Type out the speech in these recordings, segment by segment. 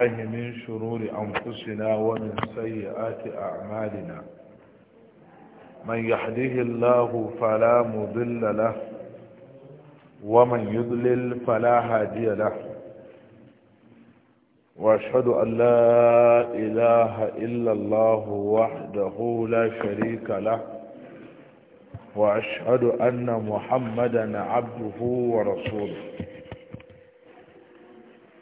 أي من شرور أنفسنا ومن سيئات أعمالنا من يحديه الله فلا مضل له ومن يضلل فلا هادي له وأشهد أن لا إله إلا الله وحده لا شريك له وأشهد أن محمدا عبده ورسوله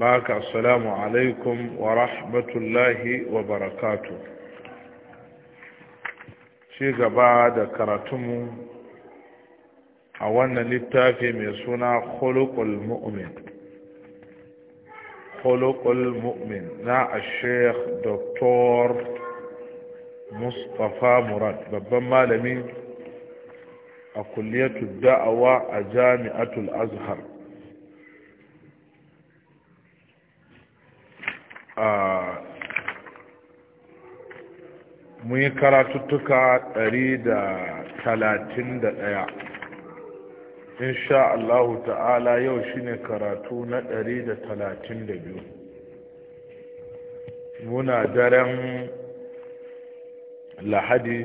بارك السلام عليكم ورحمة الله وبركاته شيء بعد كرتم أولا للتافي ميسونا خلق المؤمن خلق المؤمن نا الشيخ دكتور مصطفى مراد بابا مالمي a kulliyatu da'awa a jami'atul azhar mun yi karatuttuka 131 insha Allahu ta'ala yau shine karatu na da 132 muna daren lahadi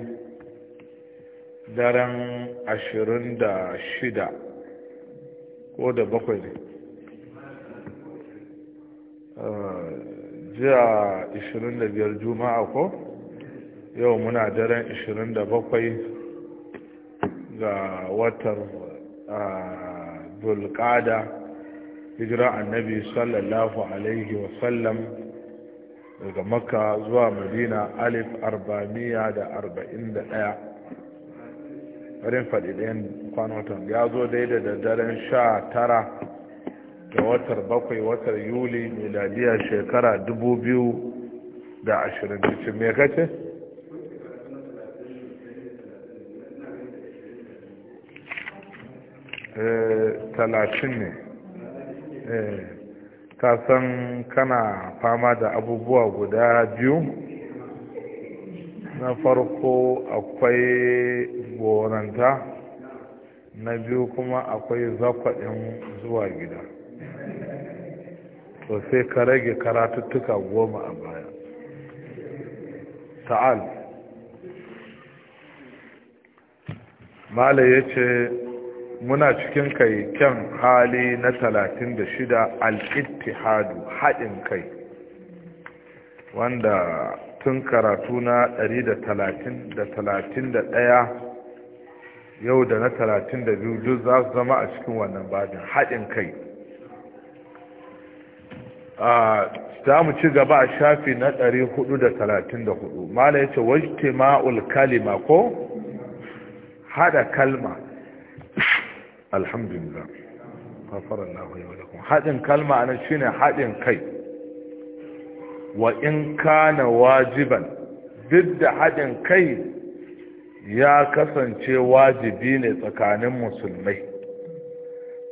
daren 26 ko da bakwai ne ah. jiya 25 juma'a ko yau muna daren 27 ga watan dulkada hijira annabi sallallahu alaihi wasallam daga makka zuwa madina alif arba'amiya da arba'in da ɗaya farin faɗi ɗayan ya zo daidai da daren sha tara ga watar bakwai watar yuli miladiya shekara dubu biyu da ashirin cikin me kace eh, talatin ne ta eh, san kana fama da abubuwa guda biyu na farko akwai goranta na biyu kuma akwai zakwaɗin zuwa gida to sai ka rage karatuttuka goma a baya ta'al mala ya ce muna cikin kai kyan hali na talatin da shida haɗin kai wanda tun karatu na ɗari da talatin da talatin da ɗaya yau da na talatin da biyu duk za su zama a cikin wannan bajin haɗin kai za mu ci gaba a shafi na 434 mala ya ce wajte ma'ul kalima ko hada kalma alhamdulillah kafarar lahoyi wadakun haɗin kalma a nan shi ne haɗin kai wa in kana wajiban duk da haɗin kai ya kasance wajibi ne tsakanin musulmai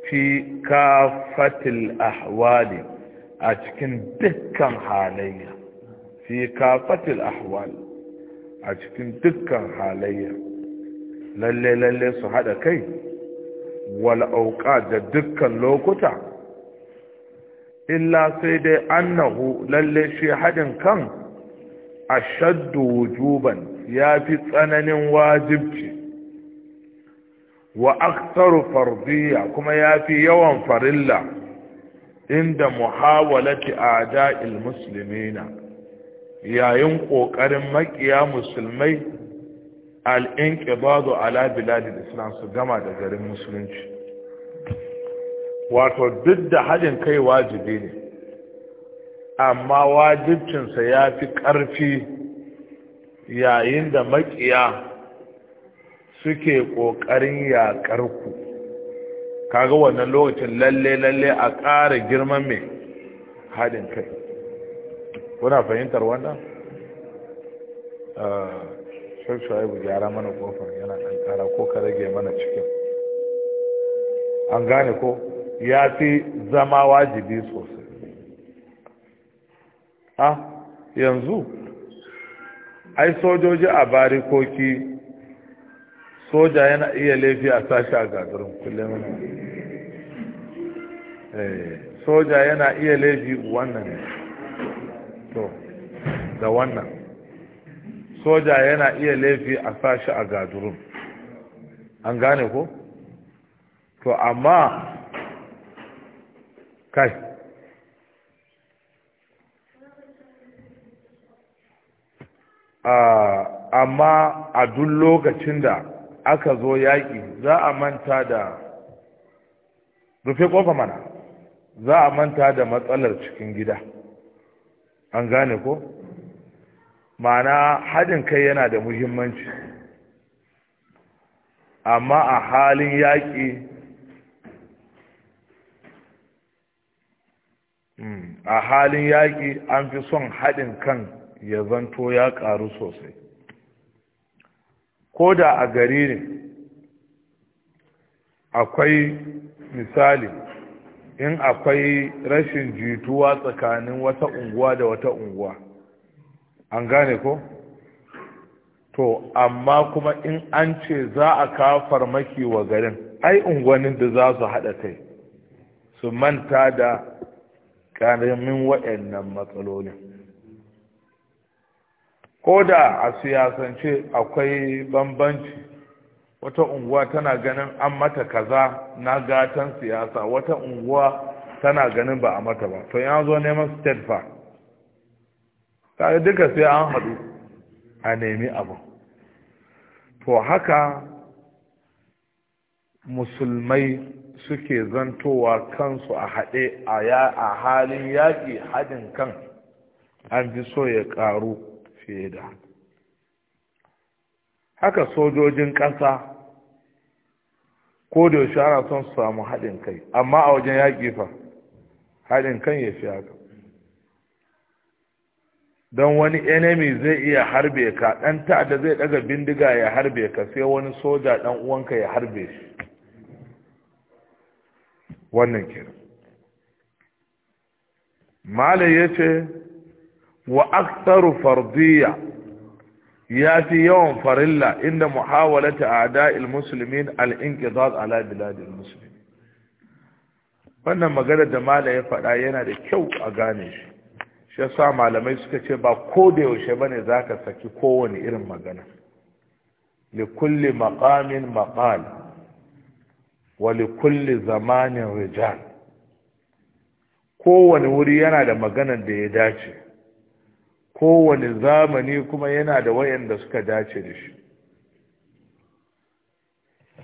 fi kafatil ahwali أتكن دكاً حاليا في كافة الأحوال أتكن دكاً حاليا للي للي صحادة كي والأوقات لو لوكتا إلا سيدي أنه للي شيحد كان أشد وجوباً يافي ثنن واجبك وأكثر فرضية كما يافي يوان فرلاً inda muhawalati a'da'il muslimina yayin ƙoƙarin makiya musulmai al-inqibadu ala biladil islam su gama da garin musulunci wato duk da haɗin kai wajibi ne amma wajibcinsa ya fi ƙarfi yayin da makiya suke ƙoƙarin yaƙar ku kaga wannan lokacin lalle lalle a ƙara girman mai haɗin kai kuna fahimtar wannan ah, shaushayi gyara mana kofar yana ɗan ƙara ko ka rage mana cikin an gane ko ya fi zama wajibi sosai a ah, yanzu ai sojoji a barikoki soja yana iya laifi a sashi a gagarin kullum eh, soja yana iya laifi wannan to da wannan soja yana iya laifi a sashi a gagarin an gane ko to amma kai ah, amma a duk lokacin da aka zo yaƙi za a manta da rufe ƙofa mana za a manta da matsalar cikin gida an gane ko ma'ana haɗin kai yana da muhimmanci amma a halin yaƙi hmm, a halin yaƙi an fi son haɗin kan ya zanto ya ƙaru sosai ko da a gari ne akwai misali in akwai rashin jituwa tsakanin wata unguwa da wata unguwa an gane ko to amma kuma in an ce za a kawo farmaki wa garin ai unguwannin da za su haɗa kai su manta da ƙaramin waɗannan matsalolin ko da a siyasance akwai bambanci wata unguwa tana ganin an mata kaza na gatan siyasa wata unguwa tana ganin ba a mata ba to ya zo neman state fa ta duka sai an haɗu a nemi abu to haka musulmai suke zantowa kansu a haɗe a halin yaƙi haɗin kan an fi so ya ƙaru fiye da haka sojojin ƙasa ko da yaushe ana son su samu haɗin kai amma a wajen yaƙi fa haɗin kan ya fi haka don wani enemy zai iya harbe ka ɗan ta'adda zai ɗaga bindiga ya harbe ka sai wani soja ɗan uwanka ya harbe shi wannan kira malai ya ce wa aktaru fardiya ya fi yawan farilla inda muhawalata a'da'il Musulmin al-inqidad ala biladil muslimin wannan magana da mala ya faɗa yana da kyau a gane shi shi yasa malamai suka ce ba ko da yaushe ba bane zaka saki kowane irin magana li kulli maqamin maqal wa li kulli zamanin rijal kowane wuri yana da maganar da ya dace kowane zamani kuma yana da wayanda suka dace da shi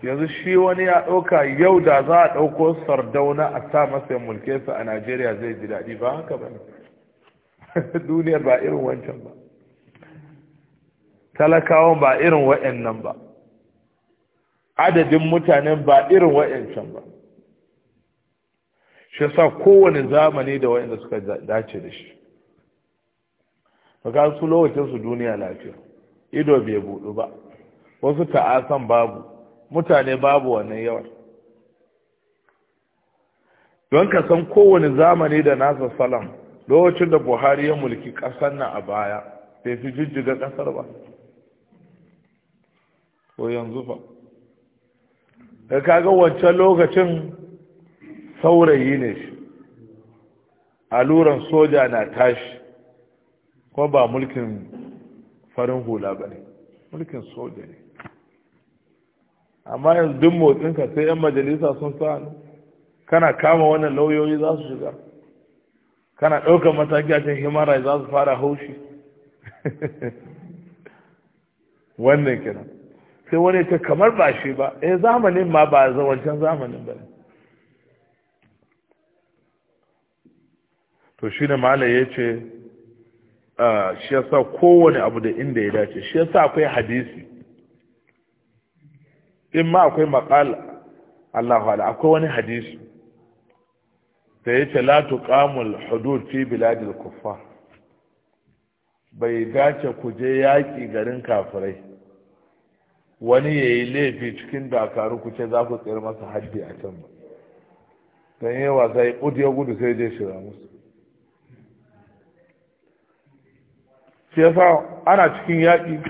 yanzu shi wani ya ɗauka yau da za a ɗauko sardauna a sa masa mulke a najeriya zai ji daɗi ba haka ba ne duniyar ba irin wancan ba talakawan ba irin wa'annan ba adadin mutanen ba irin wa'ancan ba shi sa kowane zamani da wa'anda suka dace da shi baka su lokacinsu duniya lafiya ido bai budu ba wasu ta'asan babu mutane babu wannan yawan don ka san kowane zamani da nasa salam lokacin da buhari ya mulki ƙasar nan a baya sai su jijjiga ƙasar ba ko yanzu fa da kaga wancan lokacin saurayi ne shi aluran soja na tashi ko ba mulkin farin hula ba ne mulkin soja ne amma yanzu duk motsinka sai 'yan majalisa sun sa kana kama wannan lauyoyi za su shiga kana ɗaukar mataki a cikin himara za su fara haushi wannan kira sai wani ce kamar ba shi ba eh zamanin ma ba a wancan zamanin ba to shi ne malai ya ce shi ya sa kowane abu da inda ya dace shi ya sa akwai hadisi in ma akwai makal Allahu ala akwai wani hadisi da ya ce Latu, Kamul, hudud fi biladil kufa bai dace ku je yaki garin kafirai wani ya yi laifi cikin dakaru kuce ce za ku tsira masa haddi a can ba don yawa sai ya gudu sai je shiga musu shi yasa ana cikin yaƙi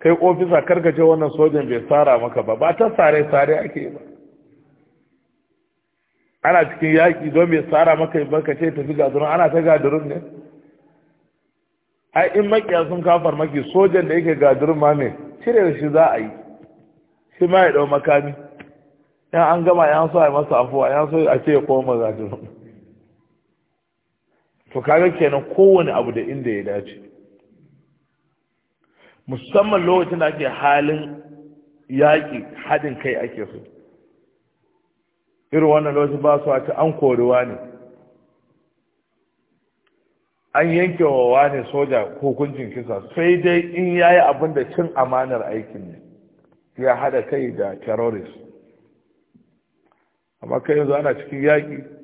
kai ofisa karkace wannan sojan bai tsara maka ba ba ta sare sare ake ba ana cikin yaƙi don bai tsara maka ba ka ce tafi gadurin ana ta gadurin ne ai in makiya sun kafar maki sojan da yake gadurin ma ne cire da shi za a yi shi ma ya ɗau makami yan an gama yan so a masa afuwa yan so a ce ya koma gadurin to kaga kenan kowane abu da inda ya dace musamman lokacin da ake halin yaƙi haɗin kai ake so irin wannan lokacin ba su an koruwa ne an yanke wa wani soja hukuncin kisa sai dai in ya yi abin da cin amanar aikin ne ya haɗa kai da terrorist amma kai yanzu ana cikin yaƙi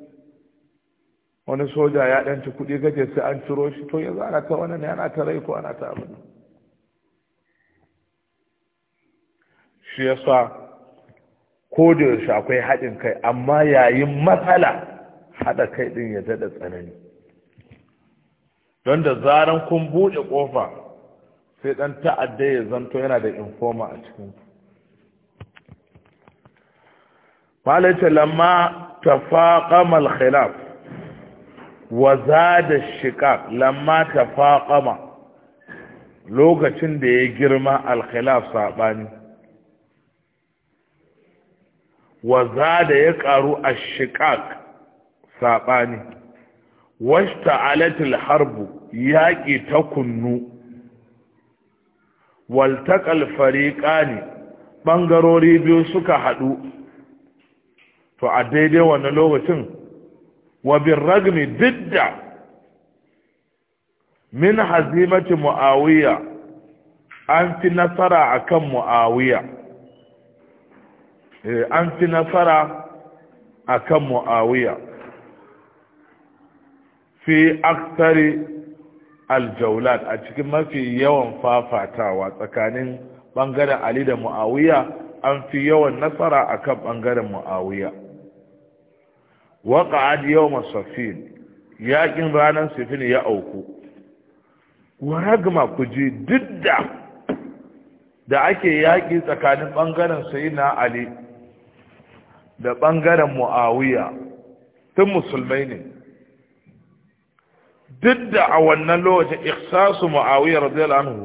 wani soja ya ɗanci kuɗi kace sai an ciro shi to yanzu ana ta wani ne ana ta rai ko ana ta abin shi ya sa, ko da yaushe akwai haɗin kai amma yayin matsala haɗa kai ɗin ya daɗa tsanani don da zaran kun buɗe ƙofa sai ɗan ta'adda ya zanto yana da informa a cikin ليس lamma تفاقم khilaf Waza da shiqaq lamma ta tafaqama lokacin da ya girma al-khilaf waza da zada ya karu ash-shiqaq sabani alatul al-harb yaqi takunnu waltaqal fariqani ɓangarori biyu suka haɗu to a daidai wannan lokacin wa birragmi didda min hazimati muawiya an fi nasara akan muawiya eh, an fi nasara akan muawiya fi aktari aljaulat a cikin mafi yawan fafatawa tsakanin ɓangaren ali da muawiya an fi yawan nasara akan ɓangaren muawiya waqa'ad yawm safin yakin ranar sifin ya auku waragma ku kuje duk da da ake yaki tsakanin bangaren sayyidina ali da bangaren muawiya tun musulmai ne duk da a wannan lokacin iksasu muawiya radiyallahu anhu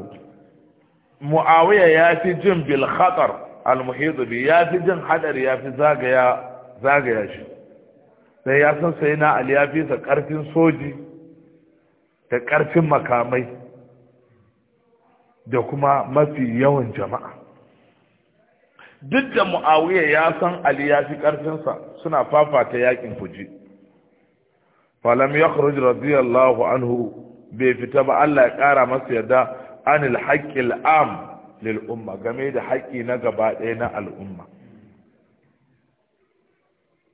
muawiya ya fi jin bil khatar al muhit ya fi jin hadari ya fi zagaya shi sai ya san sai na ali ya fi sa karfin soji da karfin makamai da kuma mafi yawan jama'a duk da mu'awiya ya san ali ya fi karfinsa suna fafata yakin kuji falam ya kharuj radiyallahu anhu bai fita ba Allah ya kara masa yadda anil haqqil am lil umma game da haƙƙi na gaba ɗaya na al'umma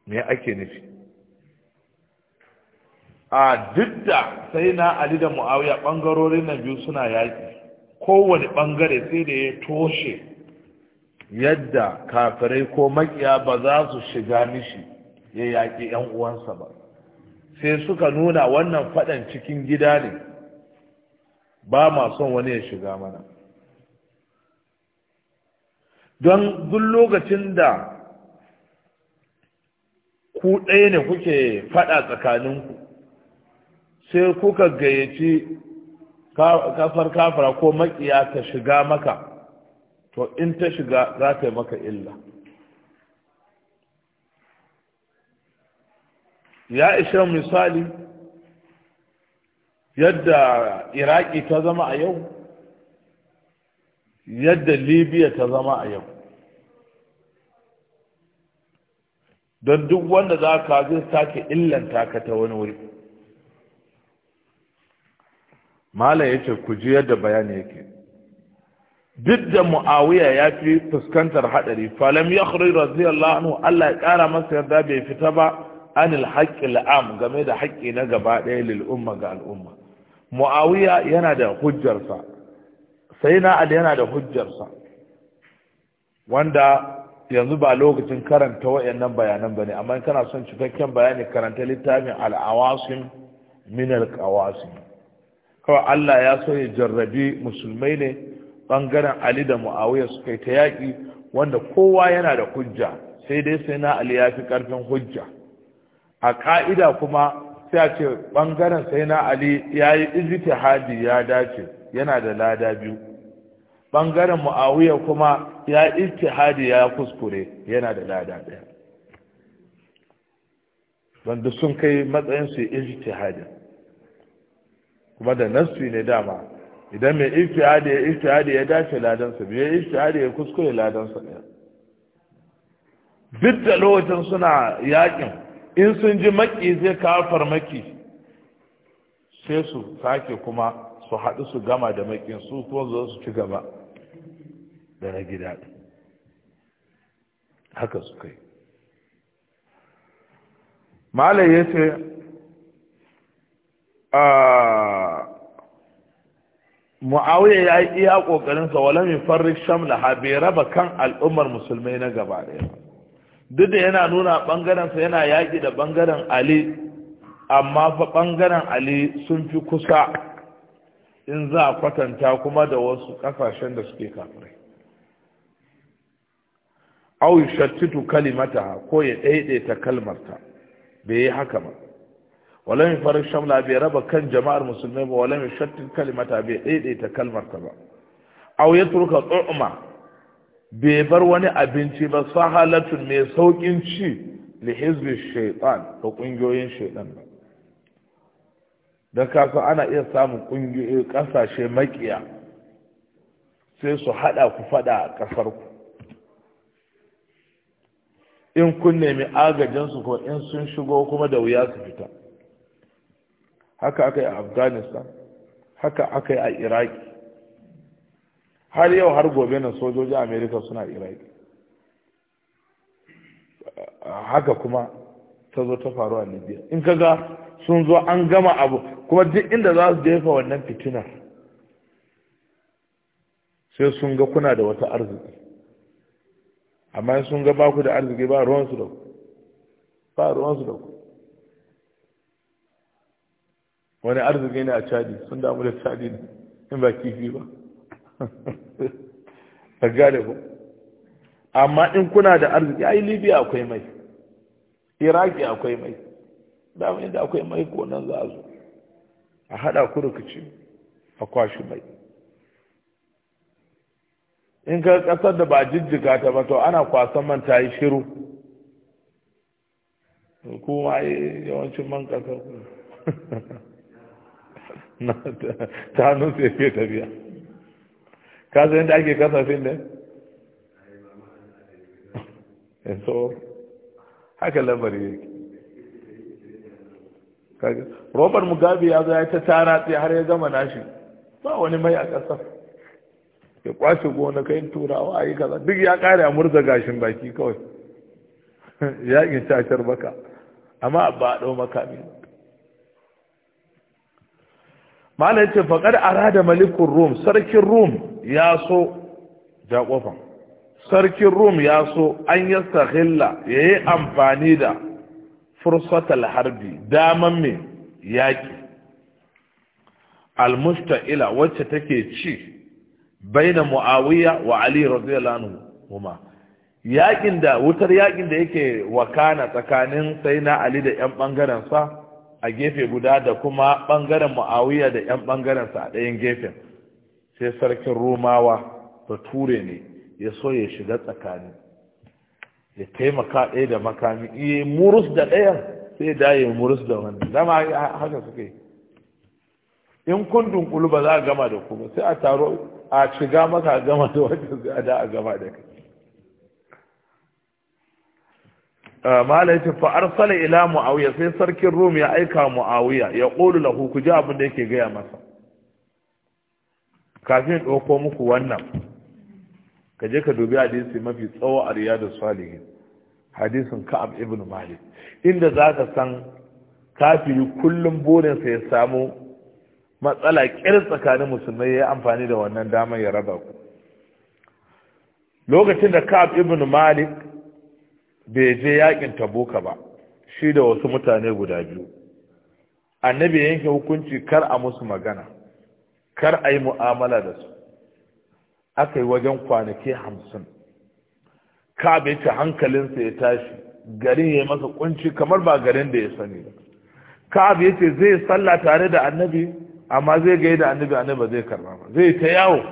me ake nufi a duk da sai na ali da muawiya ɓangarorin nan biyu suna yaki kowane ɓangare sai da ya toshe yadda kafirai ko makiya ba za su shiga mishi ya yaƙi 'yan uwansa ba sai suka nuna wannan faɗan cikin gida ne ba ma son wani ya shiga mana don duk lokacin da ku ɗaya ne kuke faɗa tsakaninku sai kuka gayyaci kafar kafara ko makiya ta shiga maka to in ta shiga za ta yi maka illa ya ishe misali yadda iraki ta zama a yau yadda libya ta zama a yau don duk wanda za ka zai sake illanta ka ta wani wuri mala ce ku ji yadda bayani yake duk da muawiya ya fi fuskantar hadari falam yakhri radiyallahu anhu Allah ya kara masa yadda bai fita ba anil haƙƙi am game da haƙƙi na gaba ɗaya lil umma ga al'umma muawiya yana da hujjarsa sai na yana da hujjarsa wanda yanzu ba lokacin karanta wayannan bayanan bane amma kana son cikakken bayani karanta littafin al min al kawai Allah ya so ya jarrabi musulmai ne ɓangaren Ali da Muawiya suka yi ta yaƙi wanda kowa yana da hujja sai dai sai na Ali ya fi ƙarfin hujja a ƙa'ida kuma sai a ce bangaren sai na Ali ya yi hadi ya dace yana da lada biyu bangaren Muawiya kuma ya hadi ya kuskure yana da lada ɗaya wanda sun kai matsayin su hadi. kuma da nasri ne dama idan mai iftihadi ya iftihadi ya dace ladansa bai iftihadi ya kuskure ladansa ɗaya duk da lokacin suna yakin in sun ji maki zai kawo farmaki sai su sake kuma su haɗu su gama da makin su kuma zo su ci gaba da na gida haka su kai malai ya ce Ah, mu'awiya ya yi iya ƙoƙarinsa wala min farrik shamla ha bai raba kan al'ummar musulmai na gaba ɗaya duk da yana nuna ɓangarensa yana yaƙi da ɓangaren ali amma fa ɓangaren ali sun fi kusa in za a kwatanta kuma da wasu ƙasashen da suke kafirai au shattitu kalimata ko ya ɗaiɗaita kalmarta bai yi haka ba walam yufarik shamla bai raba kan jama'ar musulmai ba walam yushattil kalimata bai daidaita kalmar ta ba aw yatruka tu'ma bai bar wani abinci ba sahalatun mai saukin ci li hizbi shaytan ga kungiyoyin shaiɗan ba don kasa ana iya samun kungiyoyi kasashe makiya sai su haɗa ku faɗa a kasar in kun nemi agajinsu ko in sun shigo kuma da wuya su fita haka aka yi a afghanistan haka aka yi a iraki har yau har gobe na sojojin amerika suna iraki haka kuma ta zo ta faru a libya in kaga sun zo an gama abu kuma duk inda za su jefa wannan fitinar sai sun ga kuna da wata arziki amma sun ga baku da arziki ba ruwansu da ku ba ruwansu da ku wani arziki ne a cadi sun damu da cadi ne in ba kifi ba a gane ba. amma in kuna da arziki ai libya akwai mai iraki akwai mai damu inda akwai mai ko nan za a zo a haɗa ku rikici a kwashi mai in ka ƙasar da ba jijjiga ta ba to ana kwasan man ta yi shiru kuma yawancin man ƙasar ta hannun su yake tafiya ka yadda ake kasafin ne eh, so haka lamari yake Robert Mugabe ya zo ya ta tara tsaye har ya gama nashi ba wani mai a kasar ya kwashe gona kai turawa a yi kaza duk ya kare a murza gashin baki kawai ya yi tashar baka amma ba a ɗau makami malam ce faƙar arada malikun rum sarkin rum ya so sarkin rum ya so an yi sahilla ya yi amfani da fursatal harbi daman mai yaƙi almusta'ila wacce take ci baina mu'awiya wa ali radiyallahu anhu yaƙin da wutar yaƙin da yake wakana tsakanin sai na ali da 'yan bangaren sa a gefe guda da kuma ɓangaren mu'awiya da 'yan ɓangarensa a ɗayan gefen sai sarkin romawa ta ture ne ya so ya shiga tsakani ya taimaka ɗaya da makami iya murus da ɗayan sai da ya murus da wani dama haka suke in kun dunkulu ba za a gama da ku sai a taro a shiga maka gama da wanda za da a gama da kai malai ce fa arsala ila muawiya sai sarkin rum ya aika muawiya ya qulu lahu ku ji abin da yake gaya masa kafin dauko muku wannan ka je ka dubi hadisi mafi tsawo a riyadus salihin hadisin ka'ab ibn malik inda zaka san kafiri kullum burinsa ya samu matsala kir tsakanin musulmai ya yi amfani da wannan damar ya raba ku lokacin da ka'ab ibn malik bai je yakin tabuka ba shi da wasu mutane guda biyu annabi yanke hukunci kar a musu magana kar a yi mu'amala da su aka yi wajen kwanaki hamsin kabe ce hankalinsa ya tashi garin ya yi masa kunci kamar ba garin da ya sani ba ka ya ce zai sallah tare da annabi amma zai gai da annabi annabi ba zai karba ba zai ta yawo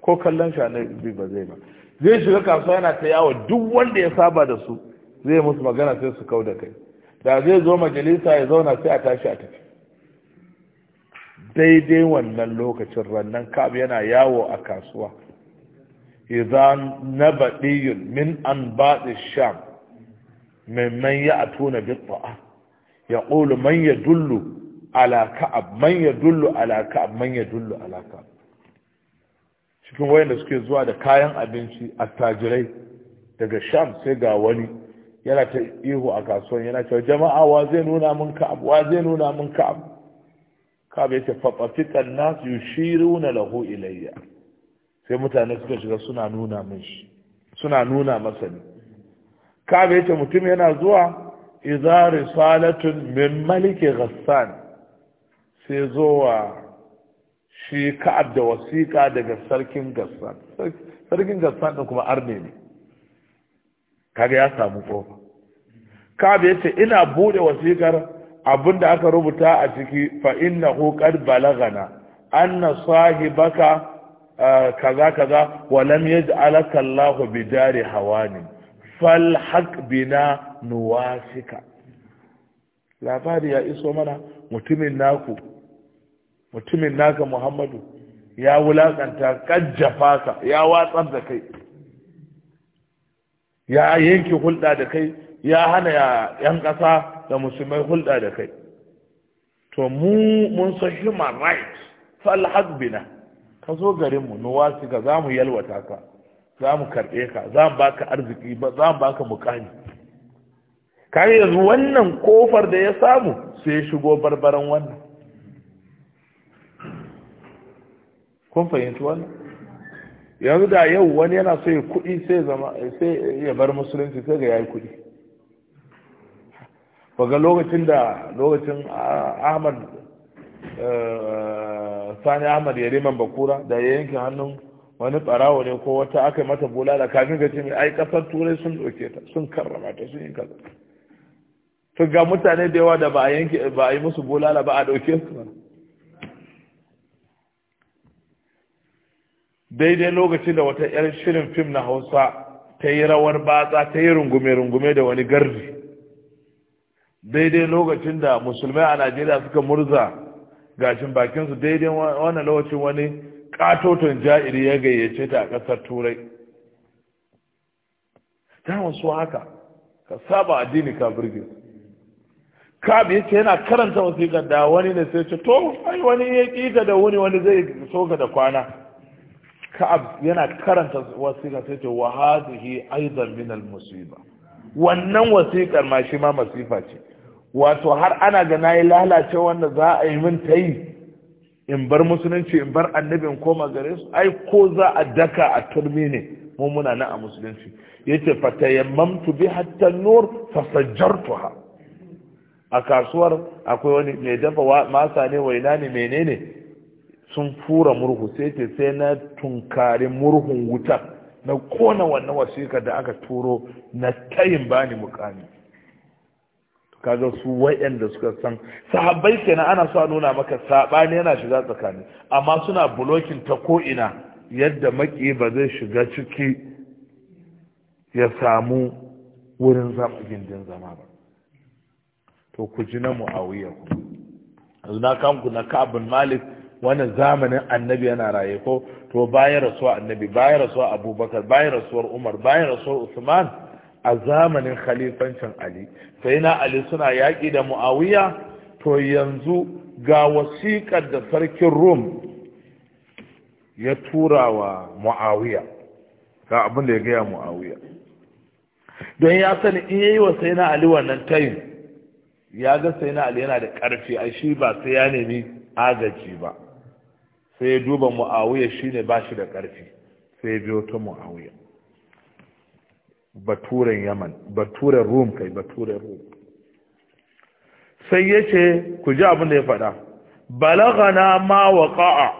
ko kallon shi annabi ba zai ba zai shiga kasuwa yana ta yawo duk wanda ya saba da su zai musu magana sai su kau da kai da zai zo majalisa ya zauna sai a tashi a tafi daidai wannan lokacin rannan kab yana yawo a kasuwa idan na baɗiyun min an baɗi sham maiman ya a tuna bitba'a ya ƙulu man ya dullu ala ka'ab man ya dullu ala ka'ab man ya dullu ala cikin wayanda suke zuwa da kayan abinci attajirai daga sham sai ga wani yana ta ihu a kasuwan yana cewa jama'a wa zai nuna min ka'ab wa zai nuna min ka'ab ka'ab ya ce su nas na lahu ilayya sai mutane suka shiga suna nuna min shi suna nuna masa ne ka'ab ya ce mutum yana zuwa idza risalatun min maliki ghassan sai zuwa shi ka'ab da wasiƙa daga sarkin gassan sarkin gassan din kuma arne ne kaga ya samu kofa kabe yace ina bude wasikar abinda aka rubuta a ciki fa innahu qad balagana anna sahibaka eh, kaza kaza wa lam yaj'alaka Allah dari hawani fal haq bina nuwasika labari ya iso mana mutumin naku mutumin naka Muhammadu ya wulakanta kajjafaka ya watsar da kai ya yanke hulɗa da kai ya hana yan ƙasa da musulmai hulɗa da kai to mu mun san human rights falhaq bina ka zo garinmu nuwasi ka za mu yalwata ka za mu karɓe ka za mu baka arziki za mu baka mukami kare yanzu wannan kofar da ya samu sai shigo barbaran wannan kun fahimci wannan yanzu da yau wani yana so ya kuɗi sai zama sai ya bar musulunci sai ga yayi kuɗi ga lokacin da lokacin ahmad eh, sani ahmad ya riman bakura da ya yanke hannun wani barawo ne ko wata aka yi mata bulala kafin ga cin ai kasar turai sun ɗauke ta sun karrama ta sun yi kaza to ga mutane da yawa da ba a yanke ba a yi musu bulala ba a ɗauke su daidai lokacin da wata 'yar shirin fim na hausa ta yi rawar batsa ta yi rungume-rungume da wani gardi daidai lokacin da musulmai a najeriya suka murza gashin bakinsu daidai wannan lokacin wani katoton ja'iri ya gayyace ta a ƙasar turai ta wasu haka ka saba addini ka birge kab ya ce yana karanta wasiƙar da wani ne sai ce to ai wani ya ƙi da wuni wani zai soka da kwana ka'ab yana karanta wasiƙa sai ce wa hadhihi aidan min al musiba wannan wasiƙar ma shi ma masifa ce wato har ana ga nayi lalace wanda za a yi min tayi in bar musulunci in bar annabi ko koma gare su ai ko za a daka a turmi ne mu muna na a musulunci yace fatayammamtu bi hatta nur fasajjartuha a kasuwar akwai wani mai dafa masa ne waina ne menene sun fura murhu sai ce sai na tunkari murhun wuta, na kona wannan wasiƙa da aka turo na tayin bani mukami kaga su wayanda suka san sahabbai kenan ana so a nuna maka sabani yana shiga tsakani amma suna blocking ta ko ina yadda maki ba zai shiga ciki ya samu wurin zama gindin zama ba to ku ji na muawiya ku na kanku na kabin malik wannan zamanin annabi yana raye ko to bayan rasuwa annabi bayan rasuwa abubakar bayan rasuwar umar bayan rasuwar usman a zamanin khalifancin ali sai na ali suna yaƙi da muawiya to yanzu ga wasiƙar da sarkin rum ya tura wa muawiya ga abin da ya gaya muawiya don ya sani in yayi wa sai na ali wannan tayin ya ga sai na ali yana da ƙarfi a shi ba sai ya nemi agaji ba sai ya duba shi shine ba shi da ƙarfi sai ya biyo ta mu'awiyar. baturen yaman baturen rum kai baturen rum sai ya ce ku ji abin da ya faɗa balagana ma waƙa'a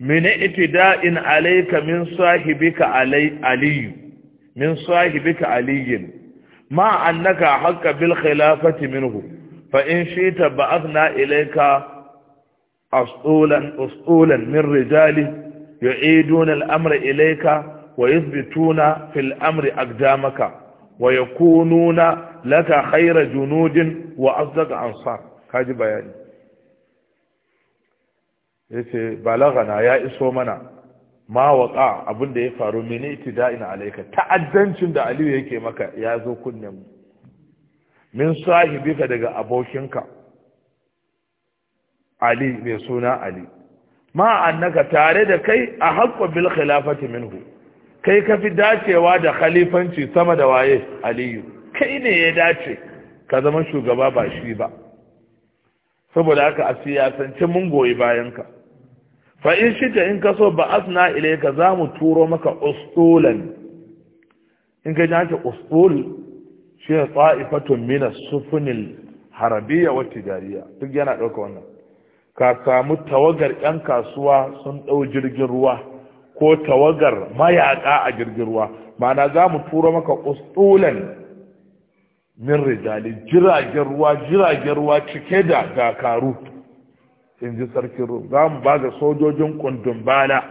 min itida'in alayka min sahibika aliyu min sahibika aliyin ma annaka haqqa bil khilafati minhu fa in shita ba'athna ilayka أصولا أصولا من رجال يعيدون الأمر إليك ويثبتون في الأمر أقدامك ويكونون لك خير جنود وأصدق أنصار هذا بياني yace balagana ya iso mana ma waqa abin da ya faru mene itida'in alayka ta'addancin da Aliyu yake maka ya zo kunnen min ka daga abokinka ali mai suna ali ma annaka tare da kai a haƙƙo bil khilafati minhu kai ka fi dacewa da khalifanci sama da waye aliyu kai ne ya dace ka zama shugaba ba shi ba saboda haka a siyasance mun goyi bayanka fa in shita in ka so ba asna ilaika za mu turo maka ustulan in ka ji haka ustul shi ne tsa'ifatun mina sufunil harabiya wa tijariya duk yana ɗauka wannan ka samu tawagar 'yan kasuwa sun ɗau jirgin ruwa ko tawagar mayaƙa a jirgin ruwa mana za mu turo maka ustulan min rijali jiragen ruwa jiragen ruwa cike da dakaru in ji sarkin ruwa za mu ba ga sojojin kundin bala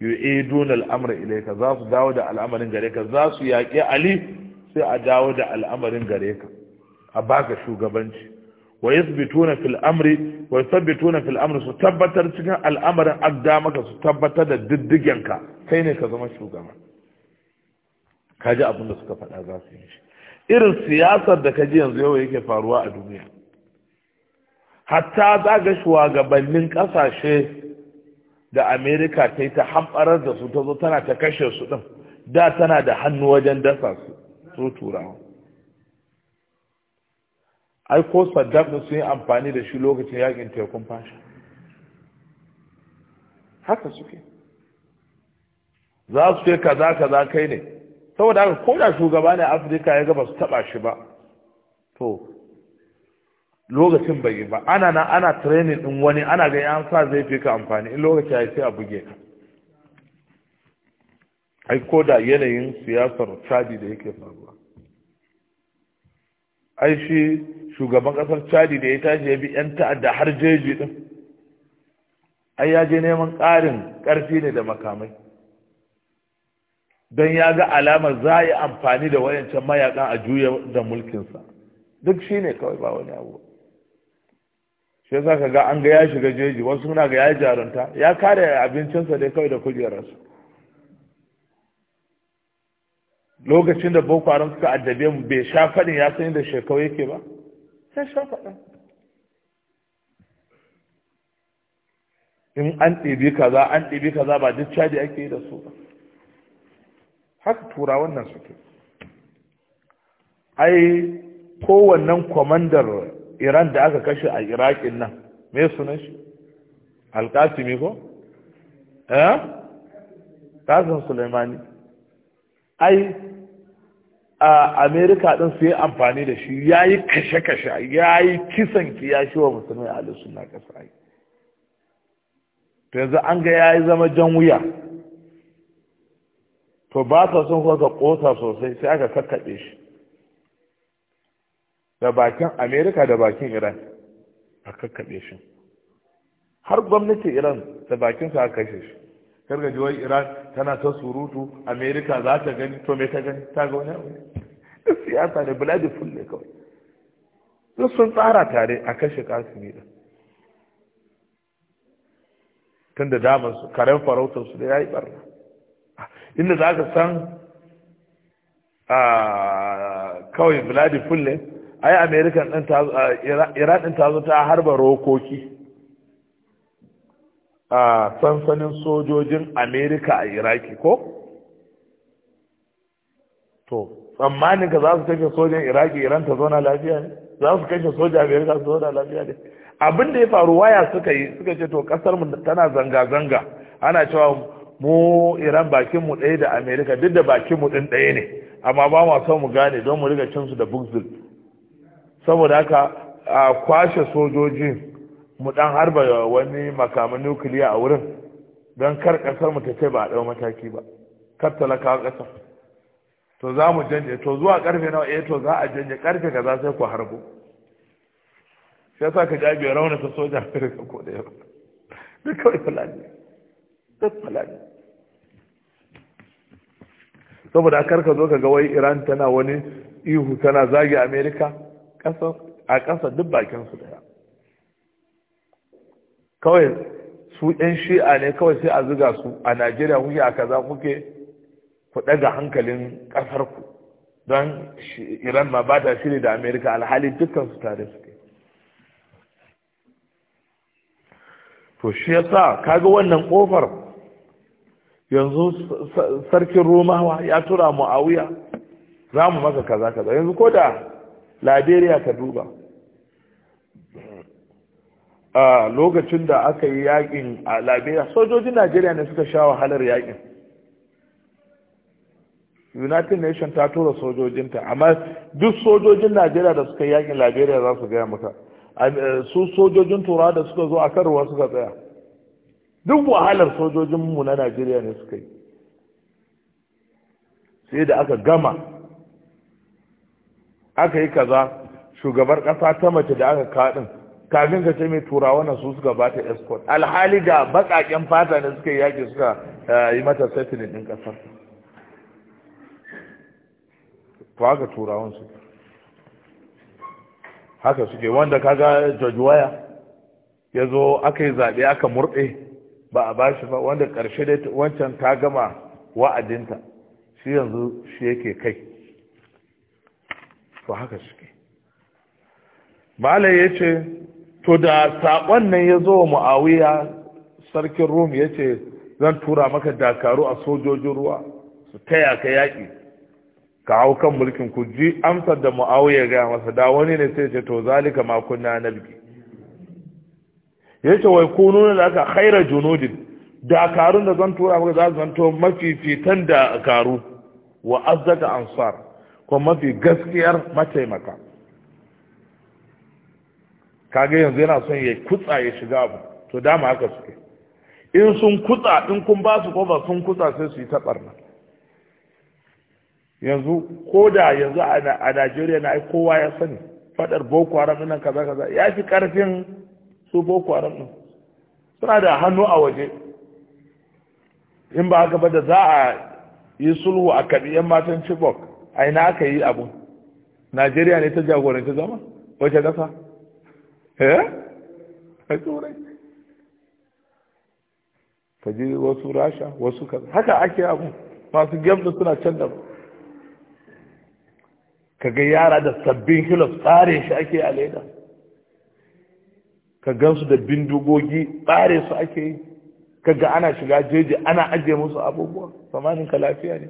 yu'idun al'amr ilayka za su dawo da al'amarin gare ka za su yaƙi ali sai a dawo da al'amarin gare ka a baka shugabanci wa في الامر ويثبتون في الامر su tabbatar cikin al'amarin adda maka su tabbatar da diddigen ka kai ne ka zama shugaba kaji abin da suka faɗa za su yi irin siyasar da ka ji yanzu yau yake faruwa a duniya hatta za ga shugabannin ƙasashe da amerika ta yi ta hamɓarar da su ta zo tana ta kashe su ɗin da tana da hannu wajen dasa su su turawa ai ko da sun yi amfani da shi lokacin yakin tekun fasha haka suke za su ce kaza kaza kai ne saboda haka ko da shugaba ne afirka ya gaba su taba shi ba to lokacin bai ba ana na ana training din wani ana ga an sa zai fi ka amfani in lokaci ya sai a buge ka ai ko da yanayin siyasar chadi da yake faruwa ai shugaban kasar chadi da ya tashi ya bi yan ta'adda har jeji din ai ya je neman ƙarin ƙarfi ne da makamai don ya ga alamar za a yi amfani da wayancan mayakan a juya da mulkinsa duk shi ne kawai ba wani abu shi yasa ka ga an ga ya shiga jeji wasu suna ga ya jarunta ya kare abincinsa dai kawai da kujerarsa lokacin da boko haram suka addabe mu bai sha faɗin ya san da shekau yake ba sai sha faɗin in an ɗebi kaza an ɗebi kaza ba duk caji ake yi da su ba haka tura wannan suke ai kowannen kwamandar iran da aka kashe a iraƙin nan me sunan shi alƙasimi ko? eh? ƙasin suleimani ai a amerika din su yi amfani da shi ya yi kashe-kashe ya yi kisan kiyashi wa musulmai a suna kasa yi to yanzu an ga ya yi zama jan wuya to ba ta sun kuka kosa sosai sai aka kakkaɓe shi da bakin amerika da bakin iran a kakkaɓe shi har gwamnati iran da bakinsa aka kashe shi karga ji wai iran tana ta surutu Amerika za ta gani to me ta gani ta ga wani abu siyasa ne buladi full ne kawai duk sun tsara tare a kashe kasimi da tun da damar su karen farautar su da ya yi barna inda za ka san kawai buladi full ne ai america iran din ta zo ta harba rokoki a sansanin sojojin amerika a iraki ko to tsammanin ka za su kashe sojan iraki iran ta zauna lafiya ne za su kashe sojan amerika su zauna lafiya ne abin da ya faru waya suka yi suka ce to kasar mu tana zanga-zanga ana cewa mu iran bakin mu ɗaya da amerika duk da bakin mu ɗin ɗaya ne amma ba mu son mu gane don mu riga cin su da bugzil saboda haka a kwashe sojojin mu dan harba wani makamin nukiliya a wurin don kar kasar mu ta ce ba a dau mataki ba kar talakawa kasar to za mu janje to zuwa karfe nawa eh to za a janje karfe kaza sai ku harbo shi yasa ka jabi rauna ta soja ka ko da yau duk kawai fulani duk fulani saboda kar ka zo ka ga wai Iran tana wani ihu tana zagi Amerika kasa a ƙasa duk bakin su da kawai su ɗan shi'a ne kawai sai a zuga su a najeriya kuke a kaza kuke ku ɗaga hankalin ƙasar ku don iran ma ba ta shiri da amerika alhali dukkan su tare suke to shi yasa kaga wannan kofar yanzu sarkin romawa ya tura muawiya za mu maka kaza kaza yanzu ko da liberia ka duba a lokacin da aka yi yakin a liberia sojojin najeriya ne suka sha wahalar yakin united nation ta tura sojojinta amma duk sojojin najeriya da suka yi yakin liberia za su gaya maka eh, su sojojin turawa da suka zo a kan ruwa suka tsaya duk wahalar sojojinmu na najeriya ne suka yi sai da aka gama aka yi kaza shugabar kasa ta mace da aka kaɗin kafin ka ce mai turawa na su suka bata escort alhali da bakaken fata ne suka yaki suka eh, yi mata settling din kasar to haka turawan su haka suke wanda kaga George Waya ya zo aka yi zaɓe aka murɗe ba a bashi ba wanda ƙarshe dai wancan ta gama wa'adinta shi yanzu shi yake kai to haka suke malai ya ce to da saƙon nan ya zo wa mu'awiya sarkin rum ya ce zan tura maka dakaru a sojojin ruwa su taya ka yaƙi ka hau kan mulkin ku ji amsar da mu'awiya gaya masa da wani ne sai ce to zalika ma kunna Ya yace wai ku nuna da aka khaira junudin dakarun da zan tura maka za su zanto mafifitan dakaru wa azzaka ansar kuma mafi gaskiyar mataimaka kaga yanzu yana son ya kutsa ya shiga abu to dama haka suke in sun kutsa in kun ba su kofa sun kutsa sai su yi ta barna yanzu ko da yanzu a Najeriya na kowa ya sani fadar boko haram nan kaza kaza ya fi karfin su boko haram din suna da hannu a waje in ba haka ba da za a yi sulhu a kaɗi matan chibok a ina aka yi abu najeriya ne ta jagoranci zama wace kasa eh turai ka ji wasu rasha wasu ka haka ake abu masu gamsu suna can da ka ga yara da sabbin hilos tsare shi ake a leda ka gansu da bindigogi tsare su ake yi ka ana shiga jeji ana ajiye musu abubuwa samanin ka lafiya ne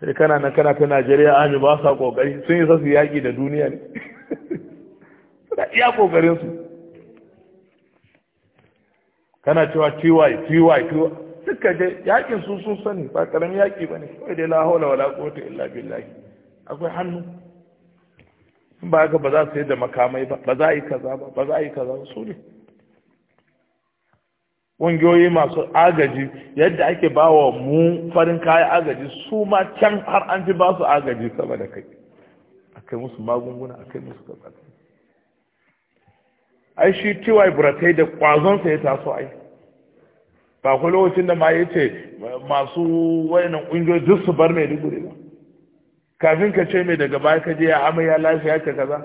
sai kana na kana ta najeriya ami ba sa kokari sun yi sasu yaki da duniya ne suna iya ƙoƙarinsu su kana cewa tiwai tiwai tiwai suka je yakin su sun sani ba karamin yaki ne kawai dai lahola wa wala quwwata illa billahi akwai hannu in ba haka ba za su yadda makamai ba ba za a yi kaza ba ba za a yi kaza ba su ne ƙungiyoyi masu agaji yadda ake ba wa mu farin kayan agaji su ma can har an fi ba su agaji sama da kai a kai musu magunguna a kai musu kaza ai shi tiwa buratai da kwazonsa ya taso ai ba ku lokacin da ma ya ce masu wayanan ƙungiyoyi duk su bar mai duguri ba kafin ka ce mai daga baya ka je ya amai ya lafiya ka kaza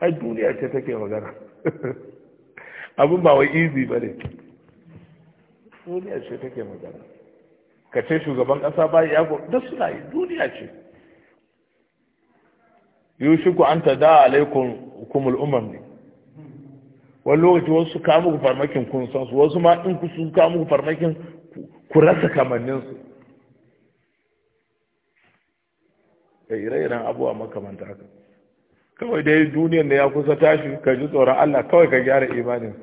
ai duniya ce take magana abin ba wai izi ba ne duniya ce take magana ka ce shugaban ƙasa ba ya go duk suna yi duniya ce yushiku an ta da alaikum kumul umam ne wani lokaci wasu kawo ku farmakin kun san su wasu ma in ku su kama farmakin ku rasa kamanninsu da ire-iren abubuwa makamanta haka kawai dai duniyar da ya kusa tashi ka ji tsoron Allah kawai ka gyara imanin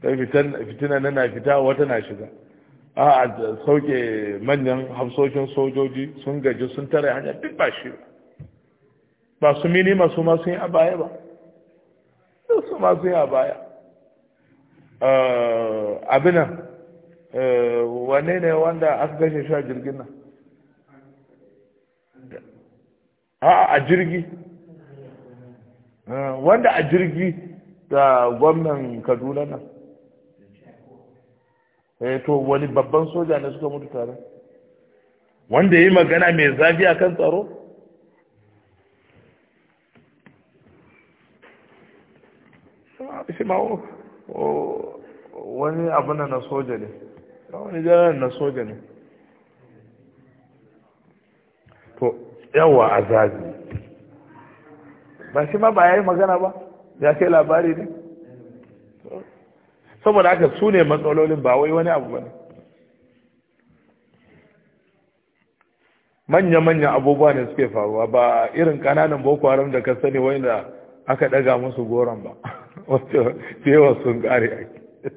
ta fitina na na fita wata na shiga a sauke manyan hamsoshin sojoji sun gaji sun tare hanyar duk ba shi ba su mini su ma sun yi a baya ba su ma sun a baya eh, abinan eh, wane ne wanda aka gashe shi a jirgin nan a jirgi eh, wanda a jirgi da gwamnan kaduna nan eh to wani babban soja ne suka mutu tare wanda ya yi magana mai zafi a kan tsaro shi ba wani abu na soja ne wani janar na soja ne to yawa a ba shi ma ba ya yi magana ba ya kai labari ne saboda haka su ne matsalolin ba wai wani abu ba ne manya manya abubuwa ne suke faruwa ba irin kananan boko haram da ka sani wanda aka daga musu goron ba wasu yawa sun kare ake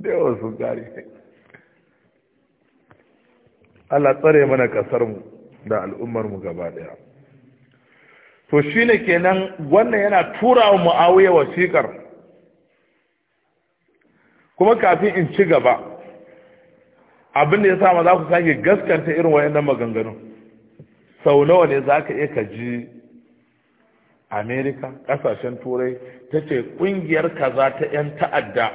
da yawa sun kare Allah tsare mana kasarmu da al'ummarmu gaba daya to shine kenan wannan yana tura wa wasikar kuma kafin in ci gaba abin da ya sa ma za ku sake gaskanta irin nan maganganun sau nawa ne za ka iya ka ji amerika ƙasashen turai ta ce ƙungiyar kaza ta 'yan ta'adda